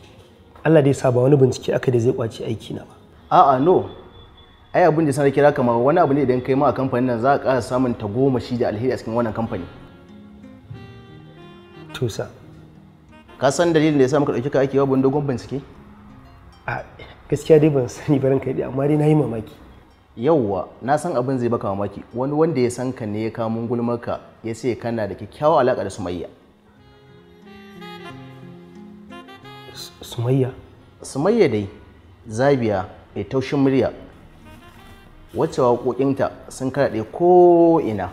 Allah dai sa ba wani bincike aka da zai kwaci aiki na ba. A'a no, ai abin da sanar kira kamar wani abu ne idan kai ma a kamfani nan za a ƙara samun ta goma shi da alheri a cikin wannan kamfani tusa ka san dalilin da ya sa muka ɗauki ka aiki babu dogon bincike a gaskiya dai ban sani barin kai amma dai na yi mamaki yauwa na san abin zai baka mamaki wani wanda ya san ka ne ya kamun gulmarka ya ce kana da kyakkyawar alaƙa da sumayya sumayya sumayya dai zabiya mai taushin murya wacce waƙoƙinta sun karaɗe ko'ina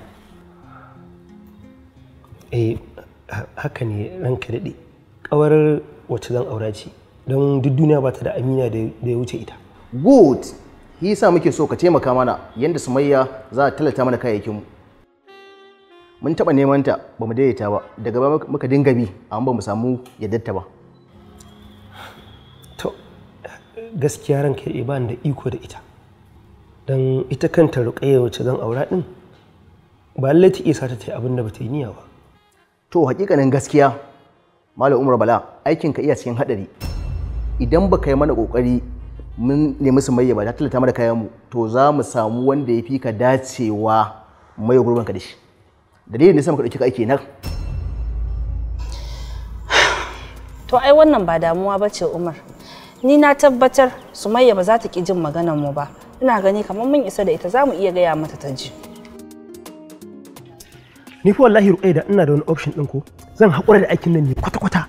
E, haka ne ranka daɗe ƙawar wacce zan aura ce don duk duniya ba ta da amina da ya wuce ita good yi sa muke so ka taimaka mana yadda sumayya za a talata mana kayayyakinmu mun taɓa nemanta ta ba mu daidaita ba daga ba muka dinga bi amma ba mu samu yadda ba gaskiya ranka ba da iko da ita don ita kanta ruƙayya wacce zan aura ɗin ba lallai ta isa sata ta yi abin da ba ta yi niyya ba to hakikanin gaskiya malam umar bala aikin ka iya cikin haɗari idan ba yi mana ƙoƙari mun nemi su maye ba ta tallata mana kayan mu to za mu samu wanda ya fi ka dacewa mai gurbin ka da shi dalilin da sa muka ɗauki ka aiki nan to ai wannan ba damuwa ba umar ni na tabbatar sumayya ba za ta ƙi jin maganar mu ba ina gani kamar mun isa da ita za mu iya gaya mata ta ji ni fa wallahi ruƙai da ina da wani option ɗin ko zan haƙura da aikin nan ne kwata-kwata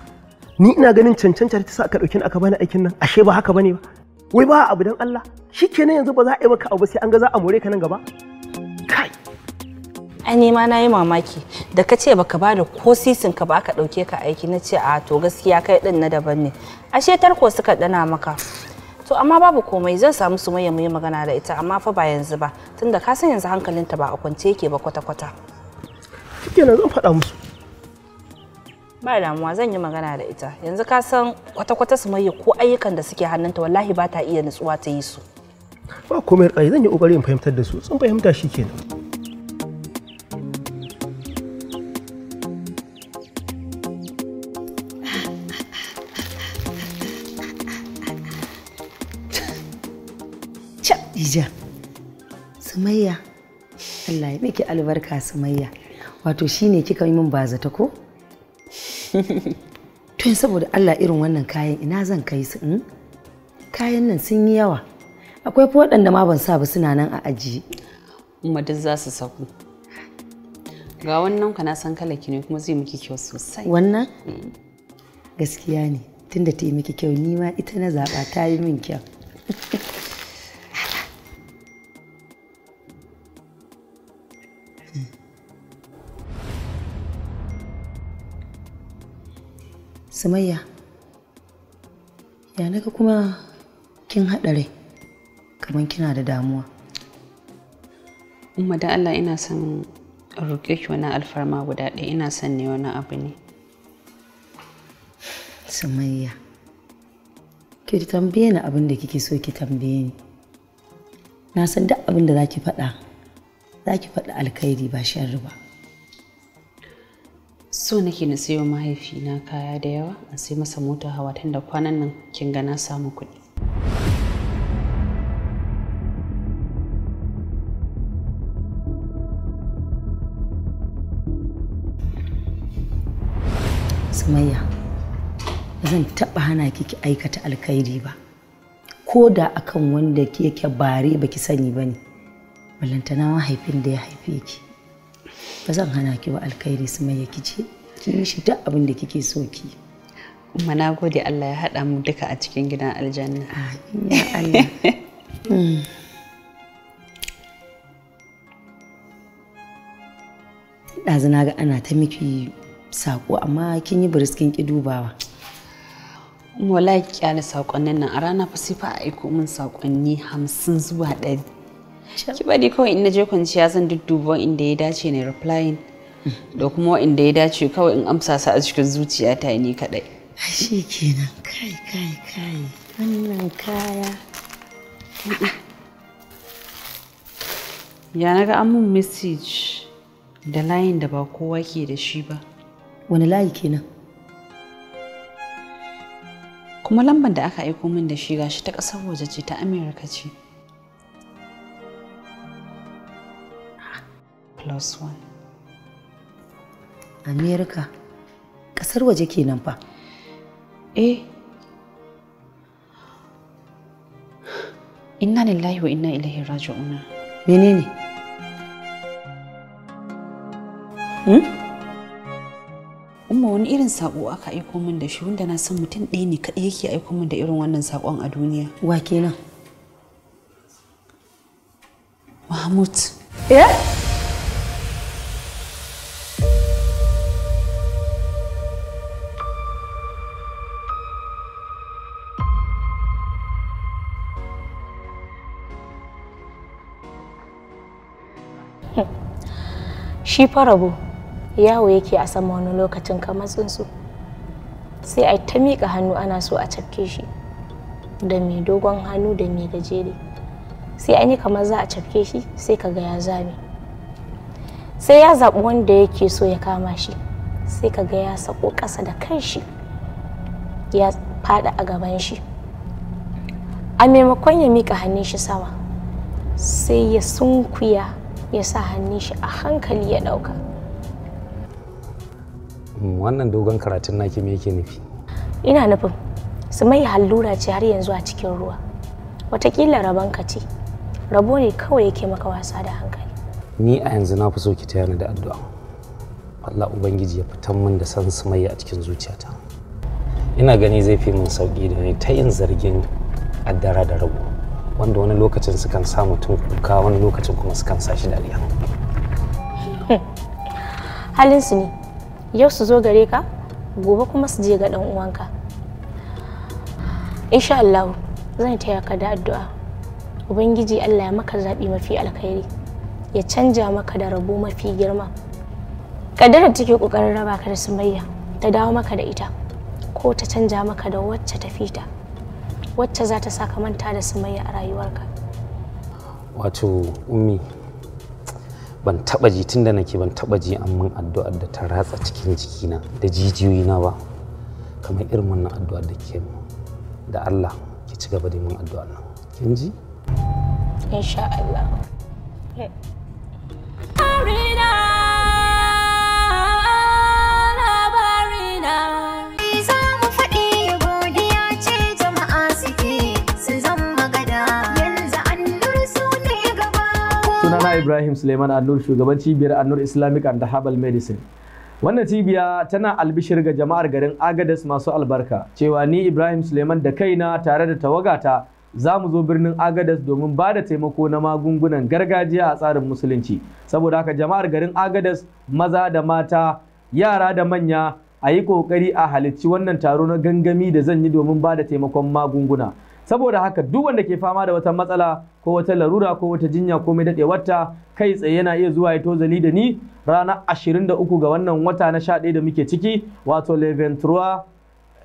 ni ina ganin cancanta ta sa ka ɗauki aka bani aikin nan ashe ba haka bane ba wai ba abu dan Allah shikenan yanzu ba za a yi maka abu sai an ga za a more ka nan gaba kai ai ni ma na yi mamaki da ka ce baka da ko sisin ka ba ka ɗauke ka aiki na ce a to gaskiya kai ɗin na daban ne ashe tarko suka ɗana maka to amma babu komai zan samu su mu yi magana da ita amma fa ba yanzu ba tunda ka san yanzu hankalinta ba a kwance yake ba kwata-kwata nan zan faɗa musu ba damuwa zan yi magana da ita yanzu ka san kwata-kwata sumayya ko ayyukan da suke hannunta wallahi ba ta iya nutsuwa ta yi su ba komai zan yi in fahimtar da su sun fahimta kenan. Khadija. Sumayya. Allah ya miki albarka Sumayya. Wato shine kika yi min bazata ko? To saboda Allah irin wannan kayan ina zan kai su in? Hmm? Kayan nan sun yi yawa. Akwai fa waɗanda ma ban sa ba suna nan a ajiye. Umma duk za su saku. Ga wannan ka na san ki ne kuma zai miki kyau sosai. Wannan? Hmm. Gaskiya ne. Tunda ta yi miki kyau ni ma ita na zaɓa ta yi min kyau. Sumayya, ya naga kuma kin haɗa rai, kamar kina da damuwa. Umma da Allah ina son roƙe ki wani alfarma guda ɗaya ina son ne wani abu ne. Sumayya, ki tambaye ni abin da kike so ki tambaye ni. Na san duk abin da za ki faɗa, za ki faɗa alkhairi ba sharri ba. so nake na sayo mahaifina kaya da yawa a sai masa mota hawa tun da kwanan nan kin ga na samu kuɗi sumayya zan taɓa hana kiki aikata alkhairi ba ko da akan wanda yake bare baki sani ba ne ballantana mahaifin da ya haife ki ba zan hana ki wa alkhairi sumayya ki ce ki yi duk abin da kike so ki kuma na gode Allah ya haɗa mu duka a cikin gidan aljanna ya Allah hmm. ɗazu na ga ana ta miki sako amma kin yi biriskin ki dubawa wallahi kyale sakonnin nan a rana fa sai fa aiko min sakonni hamsin zuwa ɗari ki bari kawai in na je kwanciya zan dudduba inda ya dace ne replying da kuma inda ya dace kawai in amsa su a cikin zuciyata ni kaɗai. shi kenan kai kai kai wannan kaya. Ya naga an mun message da layin da ba kowa ke da shi ba. Wani layi kenan? Kuma lambar da aka aiko min da shi ga shi ta ƙasar waje ce ta Amerika ce. Plus one. america. kasar waje kenan fa. Eh. Inna lillahi wa inna ilaihi raji'un. Menene? Hmm? Umma wani irin sako aka aiko min da shi wanda na san mutum ɗaya ne kaɗai yake aiko min da irin wannan sakon a duniya. Wa kenan? Mahmud. Eh? shi farabo yawo yake a sama wani lokacin kamar tsuntsu sai a ta miƙa hannu ana so a cafke shi da mai dogon hannu da mai gajere sai an yi kamar za a cafke shi sai kaga ya zame sai ya zaɓi wanda yake so ya kama shi sai kaga ya sako ƙasa da kanshi ya faɗa a gaban shi a maimakon ya miƙa hannun shi sama sai ya sunkuya ya sa hannun shi a hankali ya ɗauka. Mm, wannan dogon karatun naki me yake nufi? Ina nufin su mai hallura ce har yanzu a cikin ruwa. Wataƙila rabon ka ce, rabo ne kawai yake maka wasa da hankali. Ni a yanzu na fi so ki tayar da addu'a. Allah Ubangiji ya fitan min da san su mai a cikin zuciyata. Ina gani zai fi min sauƙi da ni ta yin zargin addara da rabo. wanda wani lokacin sukan sa mutum kuka wani lokacin kuma sukan sa shi dariya hmm. halin su ne yau su zo gare ka gobe kuma su je ga dan uwanka insha Allah zan taya ka da addu'a ubangiji Allah ya maka zaɓi mafi alkhairi ya canja maka da rabo mafi girma Kaddara take kokarin raba ka da sumayya ta dawo maka da ita ko ta canja maka da wacce ta fita wacce za ta saka manta da sumayya a rayuwarka wato ummi ban taba ji tunda nake ban taba ji an min addu'ar da ta ratsa cikin jikina da jijiyoyi na ba kamar irin wannan addu'ar da ke da Allah ki ci gaba da min addu'ar nan kin ji insha Allah Ibrahim Suleiman Annur shugaban cibiyar Annur Islamic and Herbal Medicine. Wannan cibiya tana albishir ga jama'ar garin Agadez masu albarka cewa ni Ibrahim Suleiman da kaina tare da tawagata za mu zo birnin Agadez domin ba da taimako na magungunan gargajiya a tsarin musulunci. Saboda haka jama'ar garin Agadez maza da mata, yara da manya a yi ƙoƙari a halicci wannan taro na gangami da zan yi domin ba da taimakon magunguna. saboda haka duk wanda ke fama da wata matsala ko wata larura ko wata jinya ko mai wata kai tsaye yana iya zuwa ya tozali da ni ranar 23 ga wannan wata na 11 da muke ciki wato 11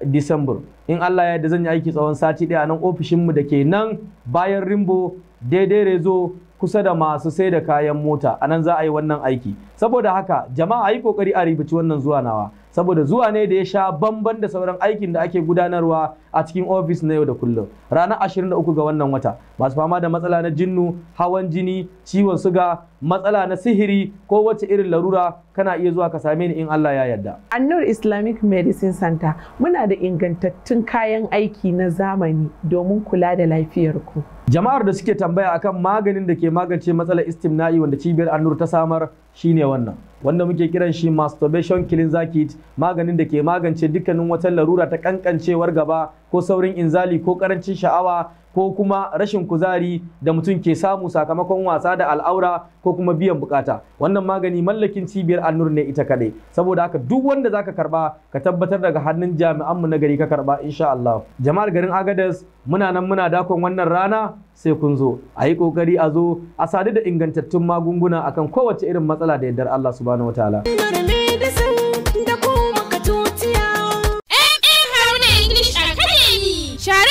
December in Allah ya yarda zan yi aiki tsawon sati ɗaya a nan ofishinmu da ke nan bayan Rimbo daidai rezo kusa da masu sai da kayan mota a nan za a yi wannan aiki saboda haka jama'a yi kokari a ribici wannan zuwa nawa saboda zuwa ne da ya sha bamban da sauran aikin da ake gudanarwa a cikin ofis na yau da kullum ranar 23 ga wannan wata masu fama da matsala na jinnu hawan jini ciwon suga matsala na sihiri ko wacce irin larura kana iya zuwa ka same ni in Allah ya yarda. Annur Islamic Medicine Center muna da ingantattun kayan aiki na zamani domin kula da lafiyarku. Jama'ar da suke tambaya akan maganin da ke magance matsalar istimna'i wanda cibiyar Annur ta samar shine wannan. Wanda muke kiran shi masturbation cleanser kit maganin da ke magance dukkanin wata larura ta kankancewar gaba ko saurin inzali ko karancin sha'awa ko kuma rashin kuzari da mutum ke samu sakamakon wasa da al'aura ko kuma biyan bukata wannan magani mallakin cibiyar annur ne ita kadai saboda haka duk wanda zaka karba ka tabbatar daga hannun jami'an mu na gari ka karba insha Allah jama'ar garin Agadez muna nan muna dakon wannan rana sai kun zo a yi kokari a zo a sadu da ingantattun magunguna akan kowace irin matsala da yardar Allah subhanahu wataala eh, eh, Share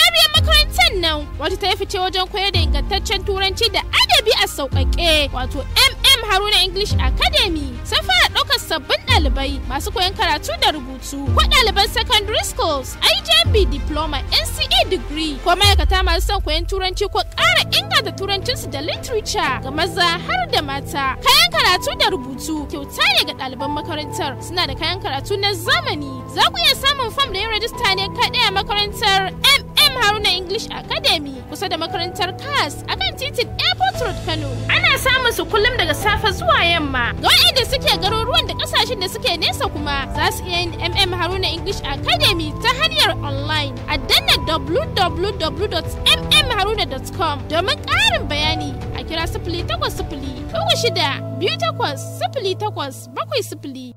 nan wacce ta ya fice wajen koyar da ingantaccen turanci da adabi a sauƙaƙe wato MM Haruna English Academy sun fara ɗaukar sabbin ɗalibai masu koyon karatu da rubutu ko ɗaliban secondary schools ijb diploma NCE degree ko ma'aikata masu son koyon turanci ko ƙara inganta turancinsu da literature ga maza har da mata. Kayan karatu da rubutu kyauta ne ga ɗaliban makarantar suna da kayan karatu na zamani. Za ku iya samun fam da yin rajista ne kaɗai a makarantar MM Malam Haruna English Academy kusa da makarantar CAS a kan titin Airport Road Kano. Ana samun su kullum daga safe zuwa yamma. Ga waɗanda suke garuruwan da kasashen da suke nesa kuma za su iya yin MM Haruna English Academy ta hanyar online a danna www.mmharuna.com domin ƙarin bayani a kira sifili takwas sifili uku shida biyu takwas sifili takwas bakwai sifili.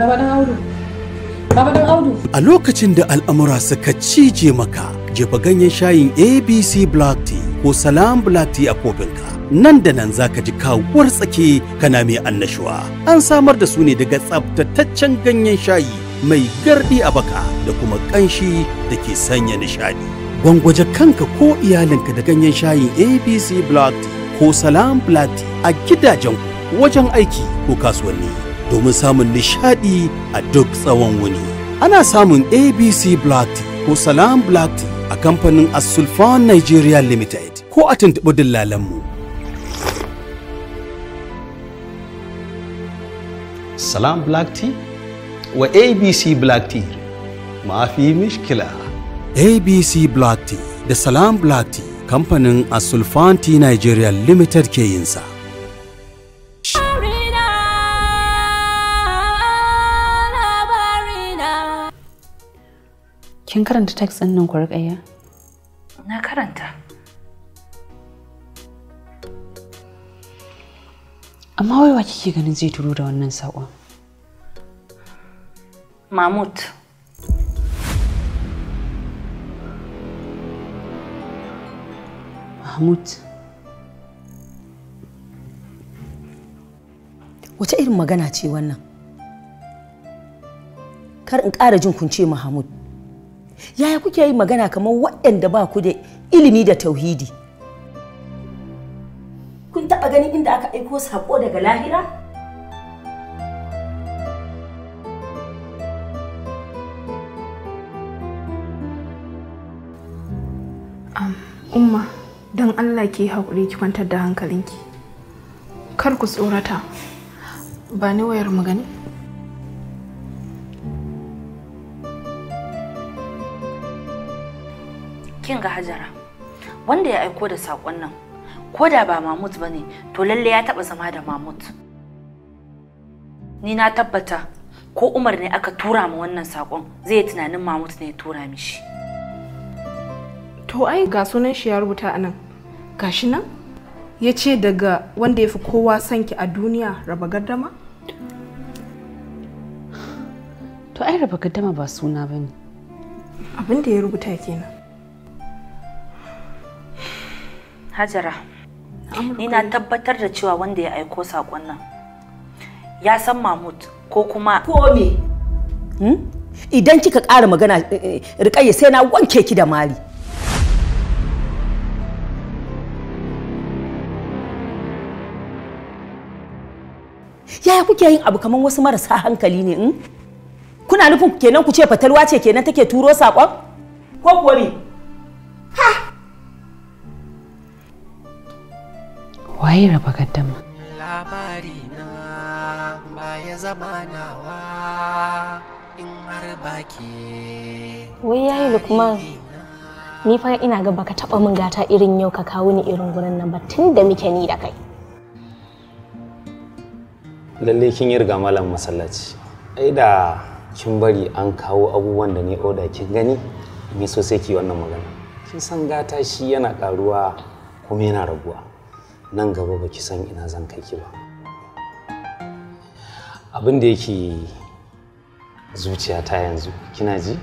Baba na auru. A lokacin da al'amura suka cije maka, jefa ganyen shayin ABC Black Tea ko Salam Black Tea a kofinka. Nan da nan za ka ji kawuwar tsake kana mai annashuwa. An samar da su ne daga tsabtataccen ganyen shayi mai gardi a baka da kuma ƙanshi da ke sanya nishadi. Gwangwaje kanka ko iyalinka da ganyen shayin ABC Black Tea ko Salam Black Tea a gidajenku wajen aiki ko kasuwanni. domin samun nishaɗi a duk tsawon wuni. Ana samun ABC Black Tea ko Salam Black Tea a kamfanin Asulfan Nigeria Limited ko a tuntuɓi dillalanmu. Salam Black Tea wa ABC Black Tea ma fi mishkila. ABC Black Tea da Salam Black Tea kamfanin Asulfan Tea Nigeria Limited ke yinsa. Kin karanta text ɗin nan ku Na karanta. Amma wai wa kike ganin zai turo da wannan saƙon? Mahmud. Mahmud. Wace irin magana ce wannan? Kar in ƙara jin kunce Mahmud. yaya kuke yi magana kamar waɗanda ba ku da ilimi da tauhidi kun taɓa ganin inda aka aiko saƙo daga lahira? umma don allah ke haƙuri ki kwantar da hankalinki kar ku tsorata ba ni wayar magani kin ga hajara wanda ya aiko da sakon nan ko da ba mahmud ba ne to lalle ya taɓa zama da mahmud ni na tabbata ko umar ne aka tura ma wannan sakon zai tunanin mahmud ne ya tura mishi to ai ga sunan shi ya rubuta anan, nan gashi nan ya ce daga wanda ya fi kowa sanki a duniya raba gardama to ai raba gardama ba suna ba abin da ya rubuta kenan Hajara, na tabbatar da cewa wanda ya aiko saƙon nan ya san Mahmud ko kuma... Ko me? Hmm? Idan kika ƙara magana eh, eh, riƙayya sai na wanke ki da mari Yaya kuke yin abu kamar wasu marasa hankali ne hmm? Kuna nufin kenan ku ce fatalwa ce kenan take turo saƙon? Ko kuwa ne? Ha! waye raba gaddama labari na baya zama nawa in baki wai yayi lukman ni fa ina ga baka taba min gata irin yau ka kawo ni irin gurin nan ba tun da muke ni da kai lalle kin yi riga malam masallaci ai da kin bari an kawo abubuwan da ni oda kin gani ni so sai ki wannan magana kin san gata shi yana karuwa kuma yana raguwa nan gaba baki san ina zan kai ki ba abin da yake zuciyata yanzu kina ji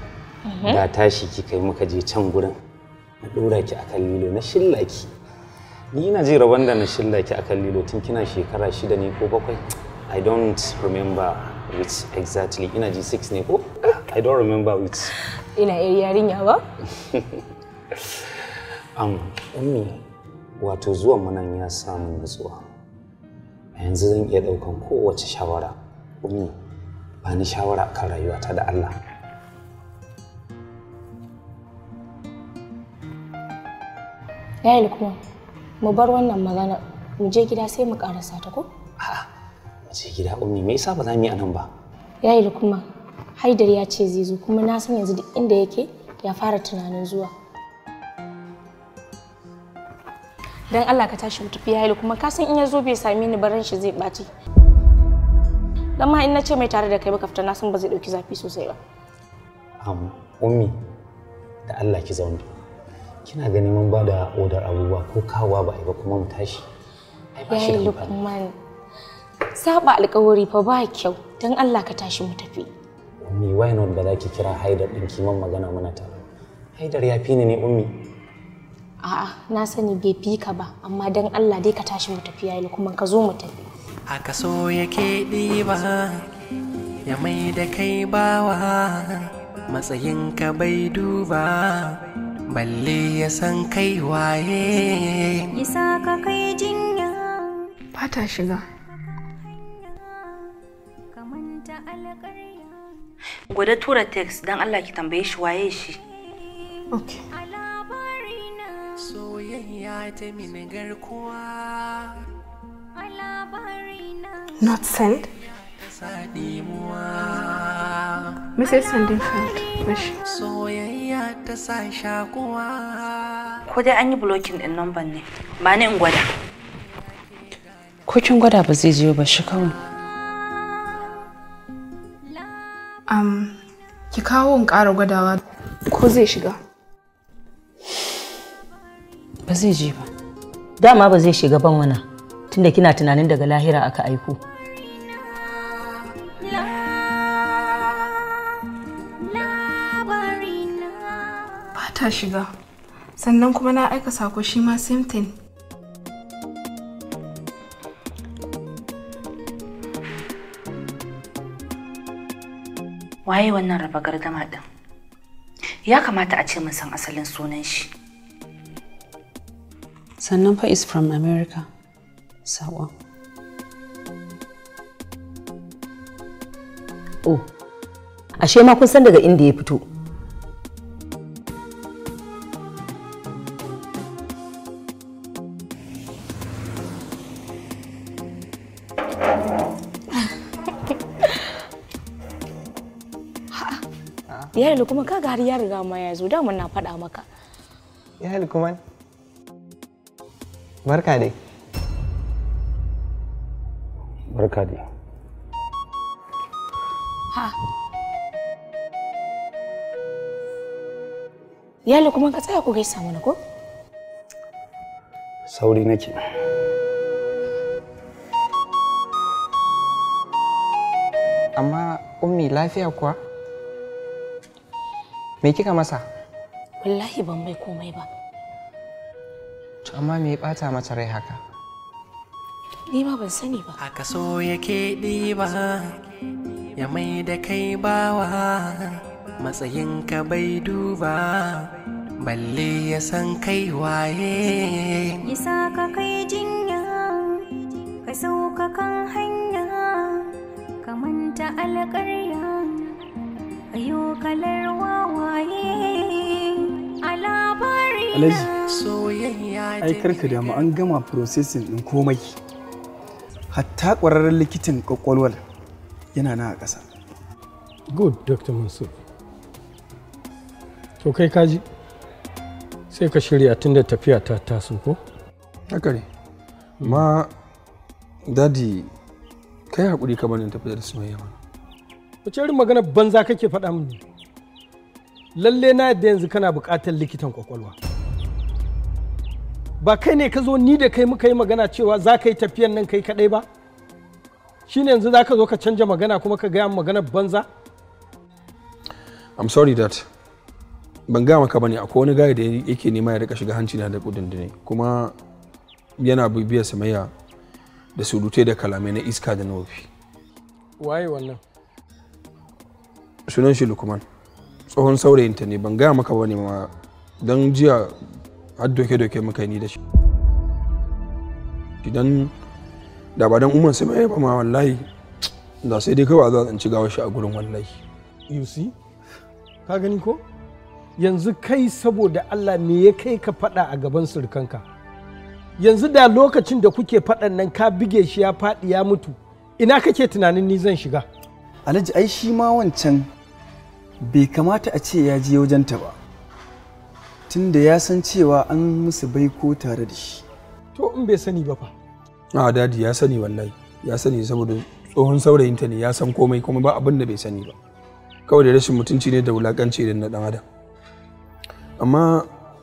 mhm. da tashi ki kai muka je can gurin na dora ki a kan lilo na shilla ki ni ina ji rabon da na shilla ki a kan lilo tun kina shekara shida ne ko bakwai i don't remember which exactly ina ji 6 ne ko i don't remember which ina yarinya ba um, wato zuwan manan ya samu nutsuwa yanzu zan iya ɗaukan kowace shawara ummi ba ni shawara kan rayuwata da allah yayi kuma mu bar wannan magana mu je gida sai mu karasa ta ko a'a mu je gida ummi me yasa ba za mu yi anan ba yayi kuma haidar ya ce zai zo kuma na san yanzu duk inda yake ya fara tunanin zuwa don Allah ka tashi mu tafi yayi kuma ka san in ya bai same ni baran shi zai bace dan ma in na ce mai tare da kai baka fita na san ba zai ɗauki zafi sosai ba am ummi da Allah ki zauna kina ganin mun bada odar abubuwa ko kawa ba ai ba kuma mu tashi ai ba shi da saba alƙawari fa ba kyau don Allah ka tashi mu tafi ummi why not ba za ki kira haidar ɗin kiman magana mana ta haidar ya fi ni ne ummi A'a, na sani bai fi ka ba, amma don Allah dai ka tashi mu tafiya yayi kuma ka zo mu tafi. A kaso yake ɗiba, ya mai da kai bawa, matsayinka bai duba, balle ya san kai waye. Isa ka kai jinya. Fata shiga. Gwada tura text don Allah ki tambaye shi waye shi. Okay. ya ta mini garkuwa not send Mrs. Sandinfield, wish. Soyayya ta sa shakuwa. Ko dai an yi blocking in number ne, ba ni in gwada. Ko kin gwada ba zai ba Um, ki kawo in ƙara gwadawa ko zai Ba zai je ba. Dama ba zai shiga ban wana tunda kina tunanin daga lahira aka aiko. bata ta shiga. Sannan kuma na aika sako shi ma same waye wannan raba gardama din ya kamata a ce mun san asalin sunan shi sannan fa is from america sawa oh ashe ma kun san daga inda ya fito Yaya kuma kaga har ya riga ma ya zo dama na faɗa maka. Yaya kuma barka dai barka dai ha yalo kuma ka tsaya ku gaisa mana ko sauri nake amma ummi lafiya kuwa me kika masa wallahi ban mai komai ba amma me ya bata mata rai haka? Ni ma ban sani ba. Haka so yake ɗiba ya mai da kai bawa matsayinka bai duba balle ya san kai waye. Isa ka kai jinya ka sauka kan hanya ka manta alƙarya ayo kalar wawaye a labarin so aikar ka dama an gama processing din komai hatta kwararren likitan kwakwalwar yana na a ƙasa good dr mansur to kai kaji sai ka shirya tunda tafiya ta taso ko haka ne ma dadi kai hakuri ka bani tafiya da sumayya ma. wacce irin magana banza kake faɗa mini lalle na yadda yanzu kana buƙatar likitan kwakwalwa ba kai ne ka zo ni da kai muka yi magana cewa za ka yi tafiyan nan kai kadai ba shine yanzu za ka zo ka canja magana kuma ka gaya magana banza i'm sorry that ban gaya maka bane akwai wani gaya da yake nema ya rika shiga hanci na da kudin kuma yana bibiyar samayya da surutai da kalamai na iska da nufi waye wannan sunan shi lukman tsohon saurayinta ne ban gaya maka bane ma don jiya har doke-doke muka ni da shi idan da ba dan umar sai mai ba ma wallahi da sai dai kawai za a ci gawar shi a gurin wallahi you see ka gani ko yanzu kai saboda Allah me ya kai ka fada a gaban surkanka yanzu da lokacin da kuke fadan nan ka bige shi ya fadi ya mutu ina kake tunanin ni zan shiga alhaji ai shi ma wancan bai kamata a ce ya je wajenta ba tunda ya san cewa an musu ko tare da shi to in bai sani ba fa a ah, dadi ya sani wallahi ya sani saboda tsohon saurayinta ne ya san komai kuma ba abin da bai sani ba kawai da rashin mutunci ne da wulakanci da na dan adam amma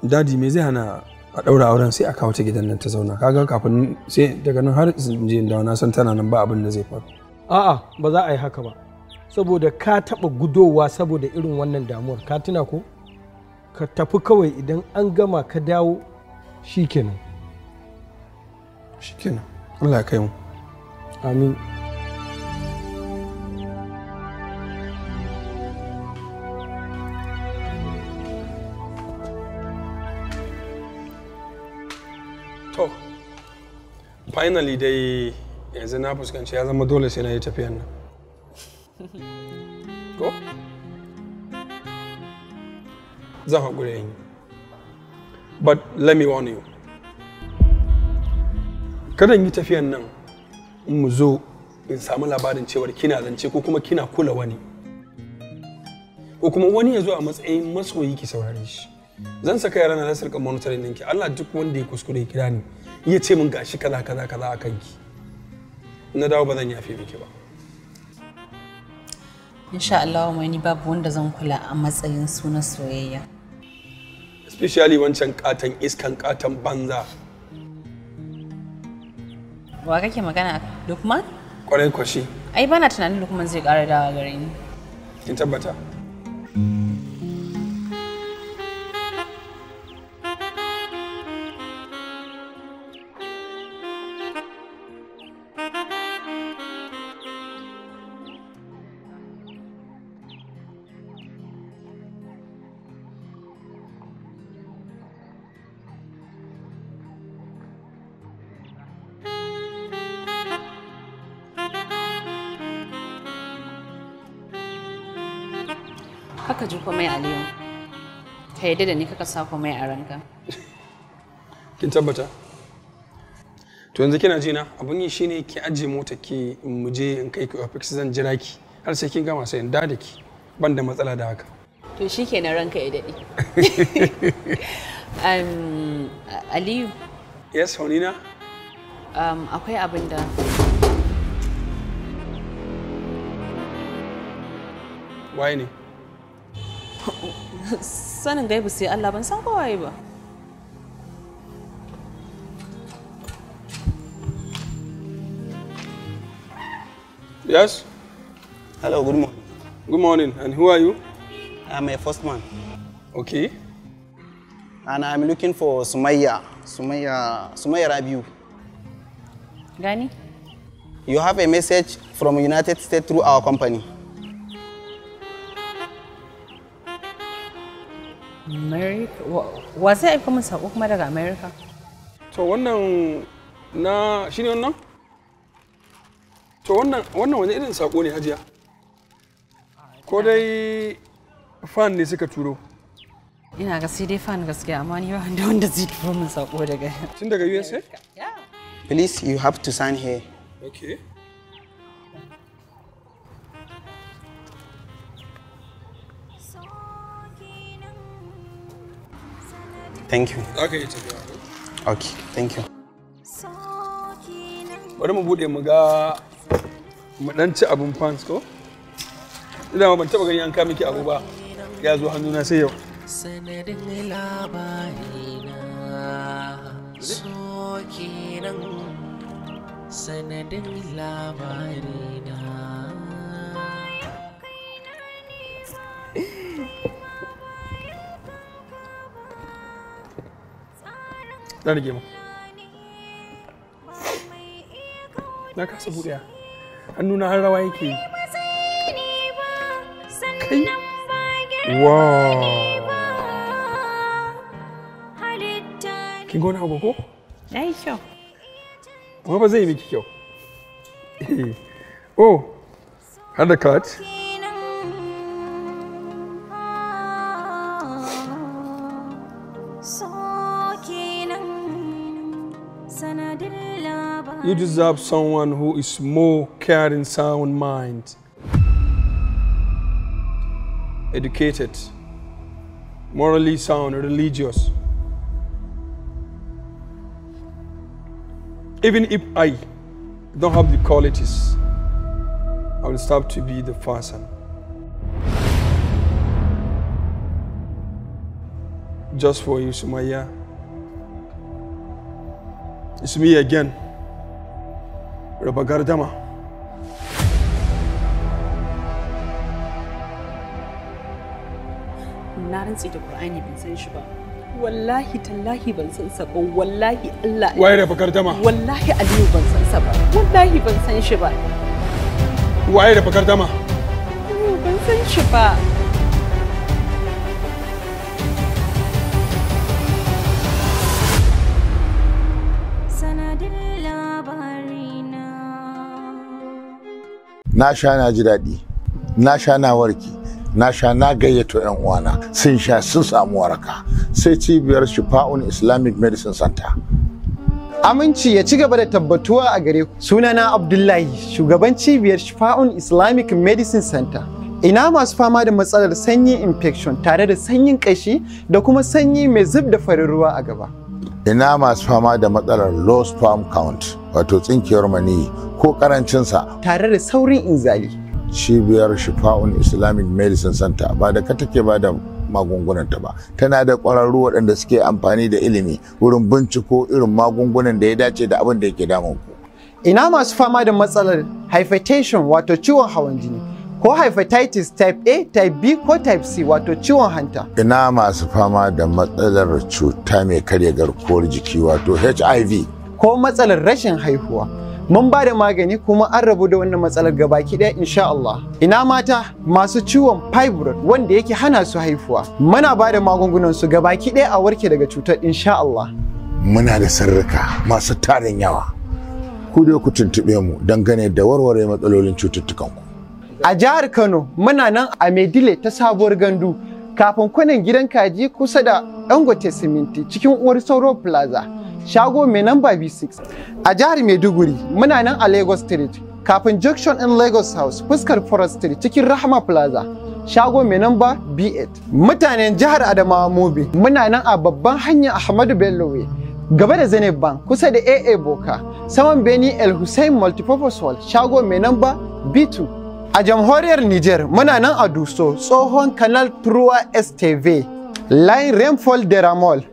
dadi me zai hana a ɗaura auren sai a kawo ta gidan nan ta zauna kaga kafin sai daga nan har je dawo na san tana nan ba abin da zai faru a'a ba za a yi haka ba saboda ka taɓa gudowa saboda irin wannan damuwar ka tuna ko ka tafi kawai idan an gama ka dawo shikenan shikenan Allah kai mu amin to finally dai yanzu na fuskanci ya zama dole sai na yi tafiyan nan ka gure yin but let me warn you kada yi tafiyan nan mu zo in samu labarin cewar kina zance ko kuma kina kula wani ko kuma wani ya zo a matsayin masoyi ki saurare shi zan saka yaran na sarka monitoring ɗinki Allah duk wanda ya kuskure kira ni ya ce min gashi kaza kaza kaza a kanki na dawo ba zan yafe miki ba insha Allah mai ni babu wanda zan kula a matsayin sunan soyayya especially wancan katon iskan katon banza wa kake magana lukman kwarai kwashi ai bana tunanin lukman zai ƙara dawa gare ni kin tabbata ka ji komai aliyu ka yadda da ni kaka sako komai a ranka kin tabbata to yanzu kina jina abun yi shine ki ajiye mota ki mu je in kai ki office zan jira ki har sai kin gama sai in da ki ban da matsala da haka to shikenan ranka ya dade um aliyu yes honina um akwai abin da waye ne sanin gaibu sai Allah ban san kowaye ba Yes. Hello, good morning. Good morning. And who are you? I'm a first man. Okay. And I'm looking for Sumaya. Sumaya, Sumaya Rabiu. Gani? You have a message from United States through our company. America? Wa zai aika min sako kuma daga America? To wannan na shi ne wannan? To wannan wani irin sako ne hajiya? Ko dai fan ne suka turo? Ina ga sai dai fan gaskiya amma ni ba da wanda zai turo min sako daga. Tun daga USA? Yeah. Please you have to sign here. Okay. Thank you. Okay, ka yi tafiya. Okay, thank you. Bari mu bude mu ga mu dan ci abun fans ko? Ina ma ban taba ganin an ka miki abu ba. Ya zo hannuna sai yau. Sanadin labarina so sanadin labarina. na rage mu na kasa buɗe hannuna har rawa yake kai Wa! kin gona abu ko? na yi kyau kuma ba zai yi miki kyau oh har da kat You deserve someone who is more caring, sound mind, educated, morally sound, religious. Even if I don't have the qualities, I will start to be the person. Just for you, Sumaya. It's me again. raba gardama na rantsi da qur'ani ban san shi ba wallahi tallahi ban san sa ba wallahi Allah waye raba gardama wallahi Aliyu ban san sa ba wallahi ban san shi ba waye raba gardama ban san shi ba na sha na ji daɗi na sha na warki na sha na gayyato 'yan uwana sun sha sun samu waraka sai cibiyar shifa'un islamic medicine center aminci ya ci gaba da tabbatuwa a gare ku sunana abdullahi shugaban cibiyar shifa'un islamic medicine center ina masu fama da matsalar sanyi infection tare da sanyin kashi da kuma sanyi mai zub da farin ruwa a gaba ina masu fama da matsalar low sperm count wato tsinkiyar mani ko karancinsa tare da saurin inzali cibiyar shifa'un islamic medicine center ba da ka take ba da magungunanta ba tana da ƙwararru waɗanda suke amfani da ilimi wurin binciko irin magungunan da ya dace da abin da yake damun ku ina masu fama da matsalar hypertension wato ciwon hawan jini ko hepatitis type A, type B ko type C wato ciwon hanta. Ina masu fama da matsalar cuta mai karya garkuwar jiki wato HIV. Ko matsalar rashin haihuwa. Mun ba da magani kuma an rabu da wannan matsalar gabaki ɗaya insha Allah. Ina mata masu ciwon fibroid wanda yake hana su haihuwa. Muna ba da magungunan su gabaki ɗaya a warke daga cutar insha Allah. Muna da sirrika masu tarin yawa. Ku dai ku tuntuɓe mu dangane da warware matsalolin cututtukanku. A jihar Kano muna nan a Maidile ta sabuwar gandu kafin kunan gidan kaji kusa da Dangote Siminti cikin Uwar Sauro Plaza. Shago mai namba B6. A jihar Maiduguri muna nan a Lagos Street kafin Junction in Lagos House fuskar Forest Street cikin Rahama Plaza. Shago mai namba B8. Mutanen jihar Adamawa Mobi muna nan a babban hanyar Ahmadu Bello gaba da Zenith Bank kusa da AA Boka, saman Beni El Hussein Multipurpose Hall, shago mai namba B2. A jamhuriyar Niger muna nan a Duso tsohon Canal Trua STV, Line Rainfall Deramol.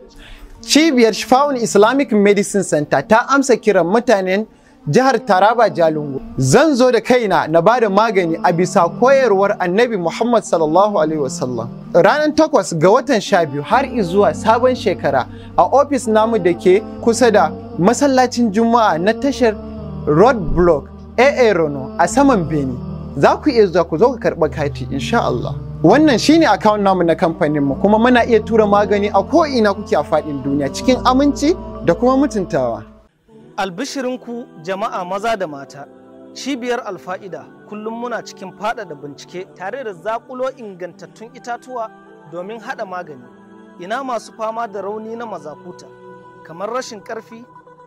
Cibiyar Shifa'un Islamic Medicine Center ta amsa kiran mutanen jihar Taraba Jalingo. Zan zo da kaina na ba da magani a bisa koyarwar Annabi Muhammad sallallahu Alaihi wasallam. Ranar takwas ga watan sha biyu har zuwa sabon shekara a ofis namu da ke kusa da masallacin Juma'a na tashar Road Block AA Rono a saman Beni. za ku iya zuwa ku zo ku karɓi kati insha Allah. Wannan shine akawun namu na kamfanin mu kuma muna iya tura magani a ko ina kuke a faɗin duniya cikin aminci da kuma mutuntawa. Albishirinku jama'a maza da mata. Cibiyar Alfa'ida kullum muna cikin faɗaɗa bincike tare da zaƙulo ingantattun itatuwa domin haɗa magani. Ina masu fama da rauni na mazakuta, kamar rashin ƙarfi,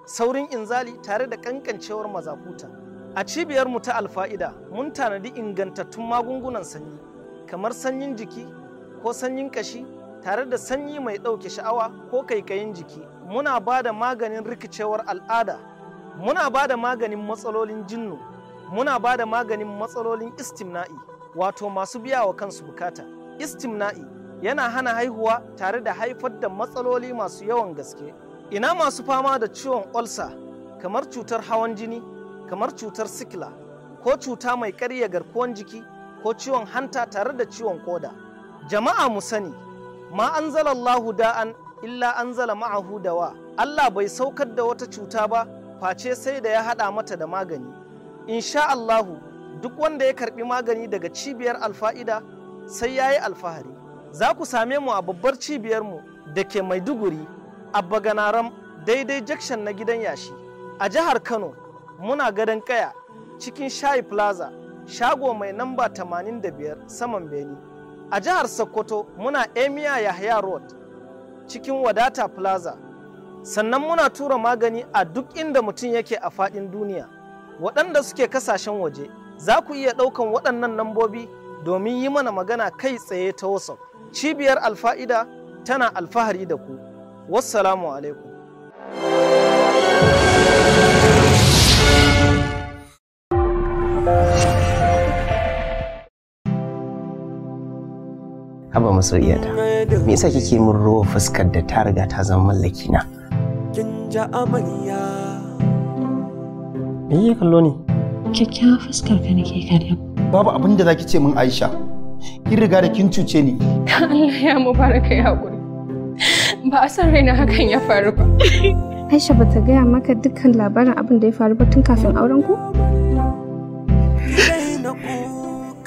saurin inzali tare da ƙanƙancewar mazakuta. A cibiyarmu ta alfa'ida mun tanadi ingantattun magungunan sanyi kamar sanyin jiki ko sanyin kashi tare da sanyi mai ɗauke sha'awa ko kaikayin jiki. Muna ba da maganin rikicewar al'ada, muna ba da maganin matsalolin jinnu, muna ba da maganin matsalolin istimna'i wato masu biya wa kansu bukata. Istimna'i yana hana haihuwa tare da haifar da matsaloli masu yawan gaske. Ina masu fama da ciwon olsa kamar cutar hawan jini. kamar cutar sikila ko cuta mai karya garkuwan jiki ko ciwon hanta tare da ciwon koda jama'a mu sani ma an Allahu da'an illa an anzala ma'ahu dawa Allah bai saukar da wata cuta ba face sai da ya haɗa mata da magani insha Allahu duk wanda ya karɓi magani daga cibiyar alfa'ida sai ya yi alfahari za ku same mu a babbar cibiyar mu da ke maiduguri a baganaram daidai jakshan na gidan yashi a jihar kano muna gadon kaya cikin shayi plaza shago mai namba 85 saman beni a jihar sokoto muna emia yahya road cikin wadata plaza sannan muna tura magani a duk inda mutum yake a fadin duniya waɗanda suke kasashen waje za ku iya ɗaukan waɗannan lambobi domin yi mana magana kai tsaye ta whatsapp cibiyar alfa'ida tana alfahari da ku wassalamu alaikum Haba masoyiyata, me yasa kike min ruwa fuskar da ta riga ta zama mallaki na? Kin ja amarya. Me yake kallo ne? Kyakkyawa fuskar ka nake kallo. Babu abin da zaki ce min Aisha. Kin riga da kin cuce ni. Allah ya baraka ya hakuri. Ba a san raina hakan ya faru ba. Aisha bata gaya maka dukkan labarin abin da ya faru ba tun kafin auren ku?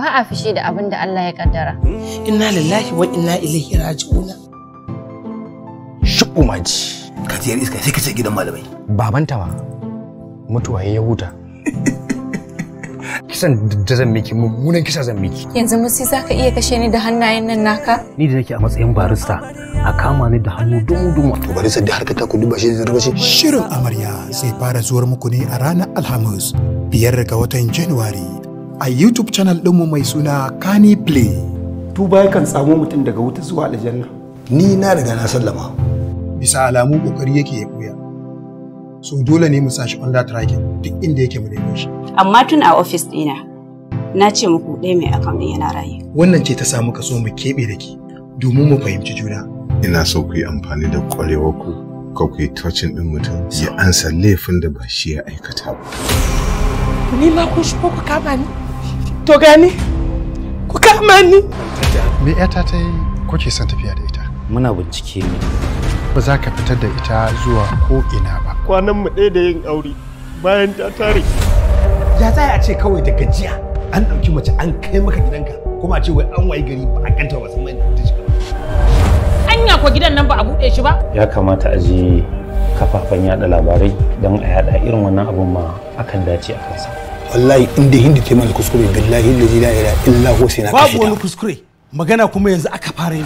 ba a fushi da abin da Allah ya kaddara. Inna lillahi wa inna ilaihi raji'un. Shukku maji. Ka tiyar iska sai ka ce gidan malamai. Baban ba. mutuwa ya huta. Kisan da zan miki mummunan kisa zan miki. Yanzu musi za ka iya kashe ni da hannayen nan naka? Ni da nake a matsayin barista a kama ni da hannu dumu-dumu. To bari sai da harka ta ku duba shi da shi. Shirin amarya zai fara zuwar muku ne a ranar Alhamis biyar ga watan Januwari a YouTube channel mu mai suna Kani Play. Tuba yakan tsamo mutum daga wuta zuwa aljanna. Ni na riga na sallama. Bisa alamu kokari yake ya buya. So dole ne mu sashi under tracking duk inda yake mu nemo shi. Amma tun a office ɗina na ce muku ɗaya mai akan ɗin yana raye. Wannan ce ta samu kaso mu keɓe da ke domin mu fahimci juna. Ina so ku yi amfani da ƙwarewarku ka ku yi tocin ɗin mutum ya ansa laifin da ba shi ya aikata ba. Ni ma ko shi ko ku kama ni? to gani ku kama ni me yata ta yi kuke son tafiya da ita muna bincike ne ba za ka fitar da ita zuwa ko ina ba kwanan mu ɗaya da yin aure bayan ta tare ya za a ce kawai da gajiya an ɗauki mace an kai maka gidanka kuma a ce wai an wayi gari ba a kanta ba san mai ta shiga anya ko gidan nan ba a buɗe shi ba ya kamata a je kafafen yada labarai don a yada irin wannan abun ma akan dace a kansa wallahi inda hindi ta mana kuskure billahi la ilaha illa huwa sai babu wani kuskure magana kuma yanzu aka fara yi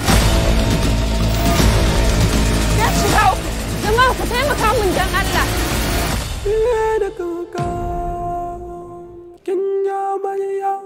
ya shiga jama'a ku taimaka mun dan Allah da kanka kin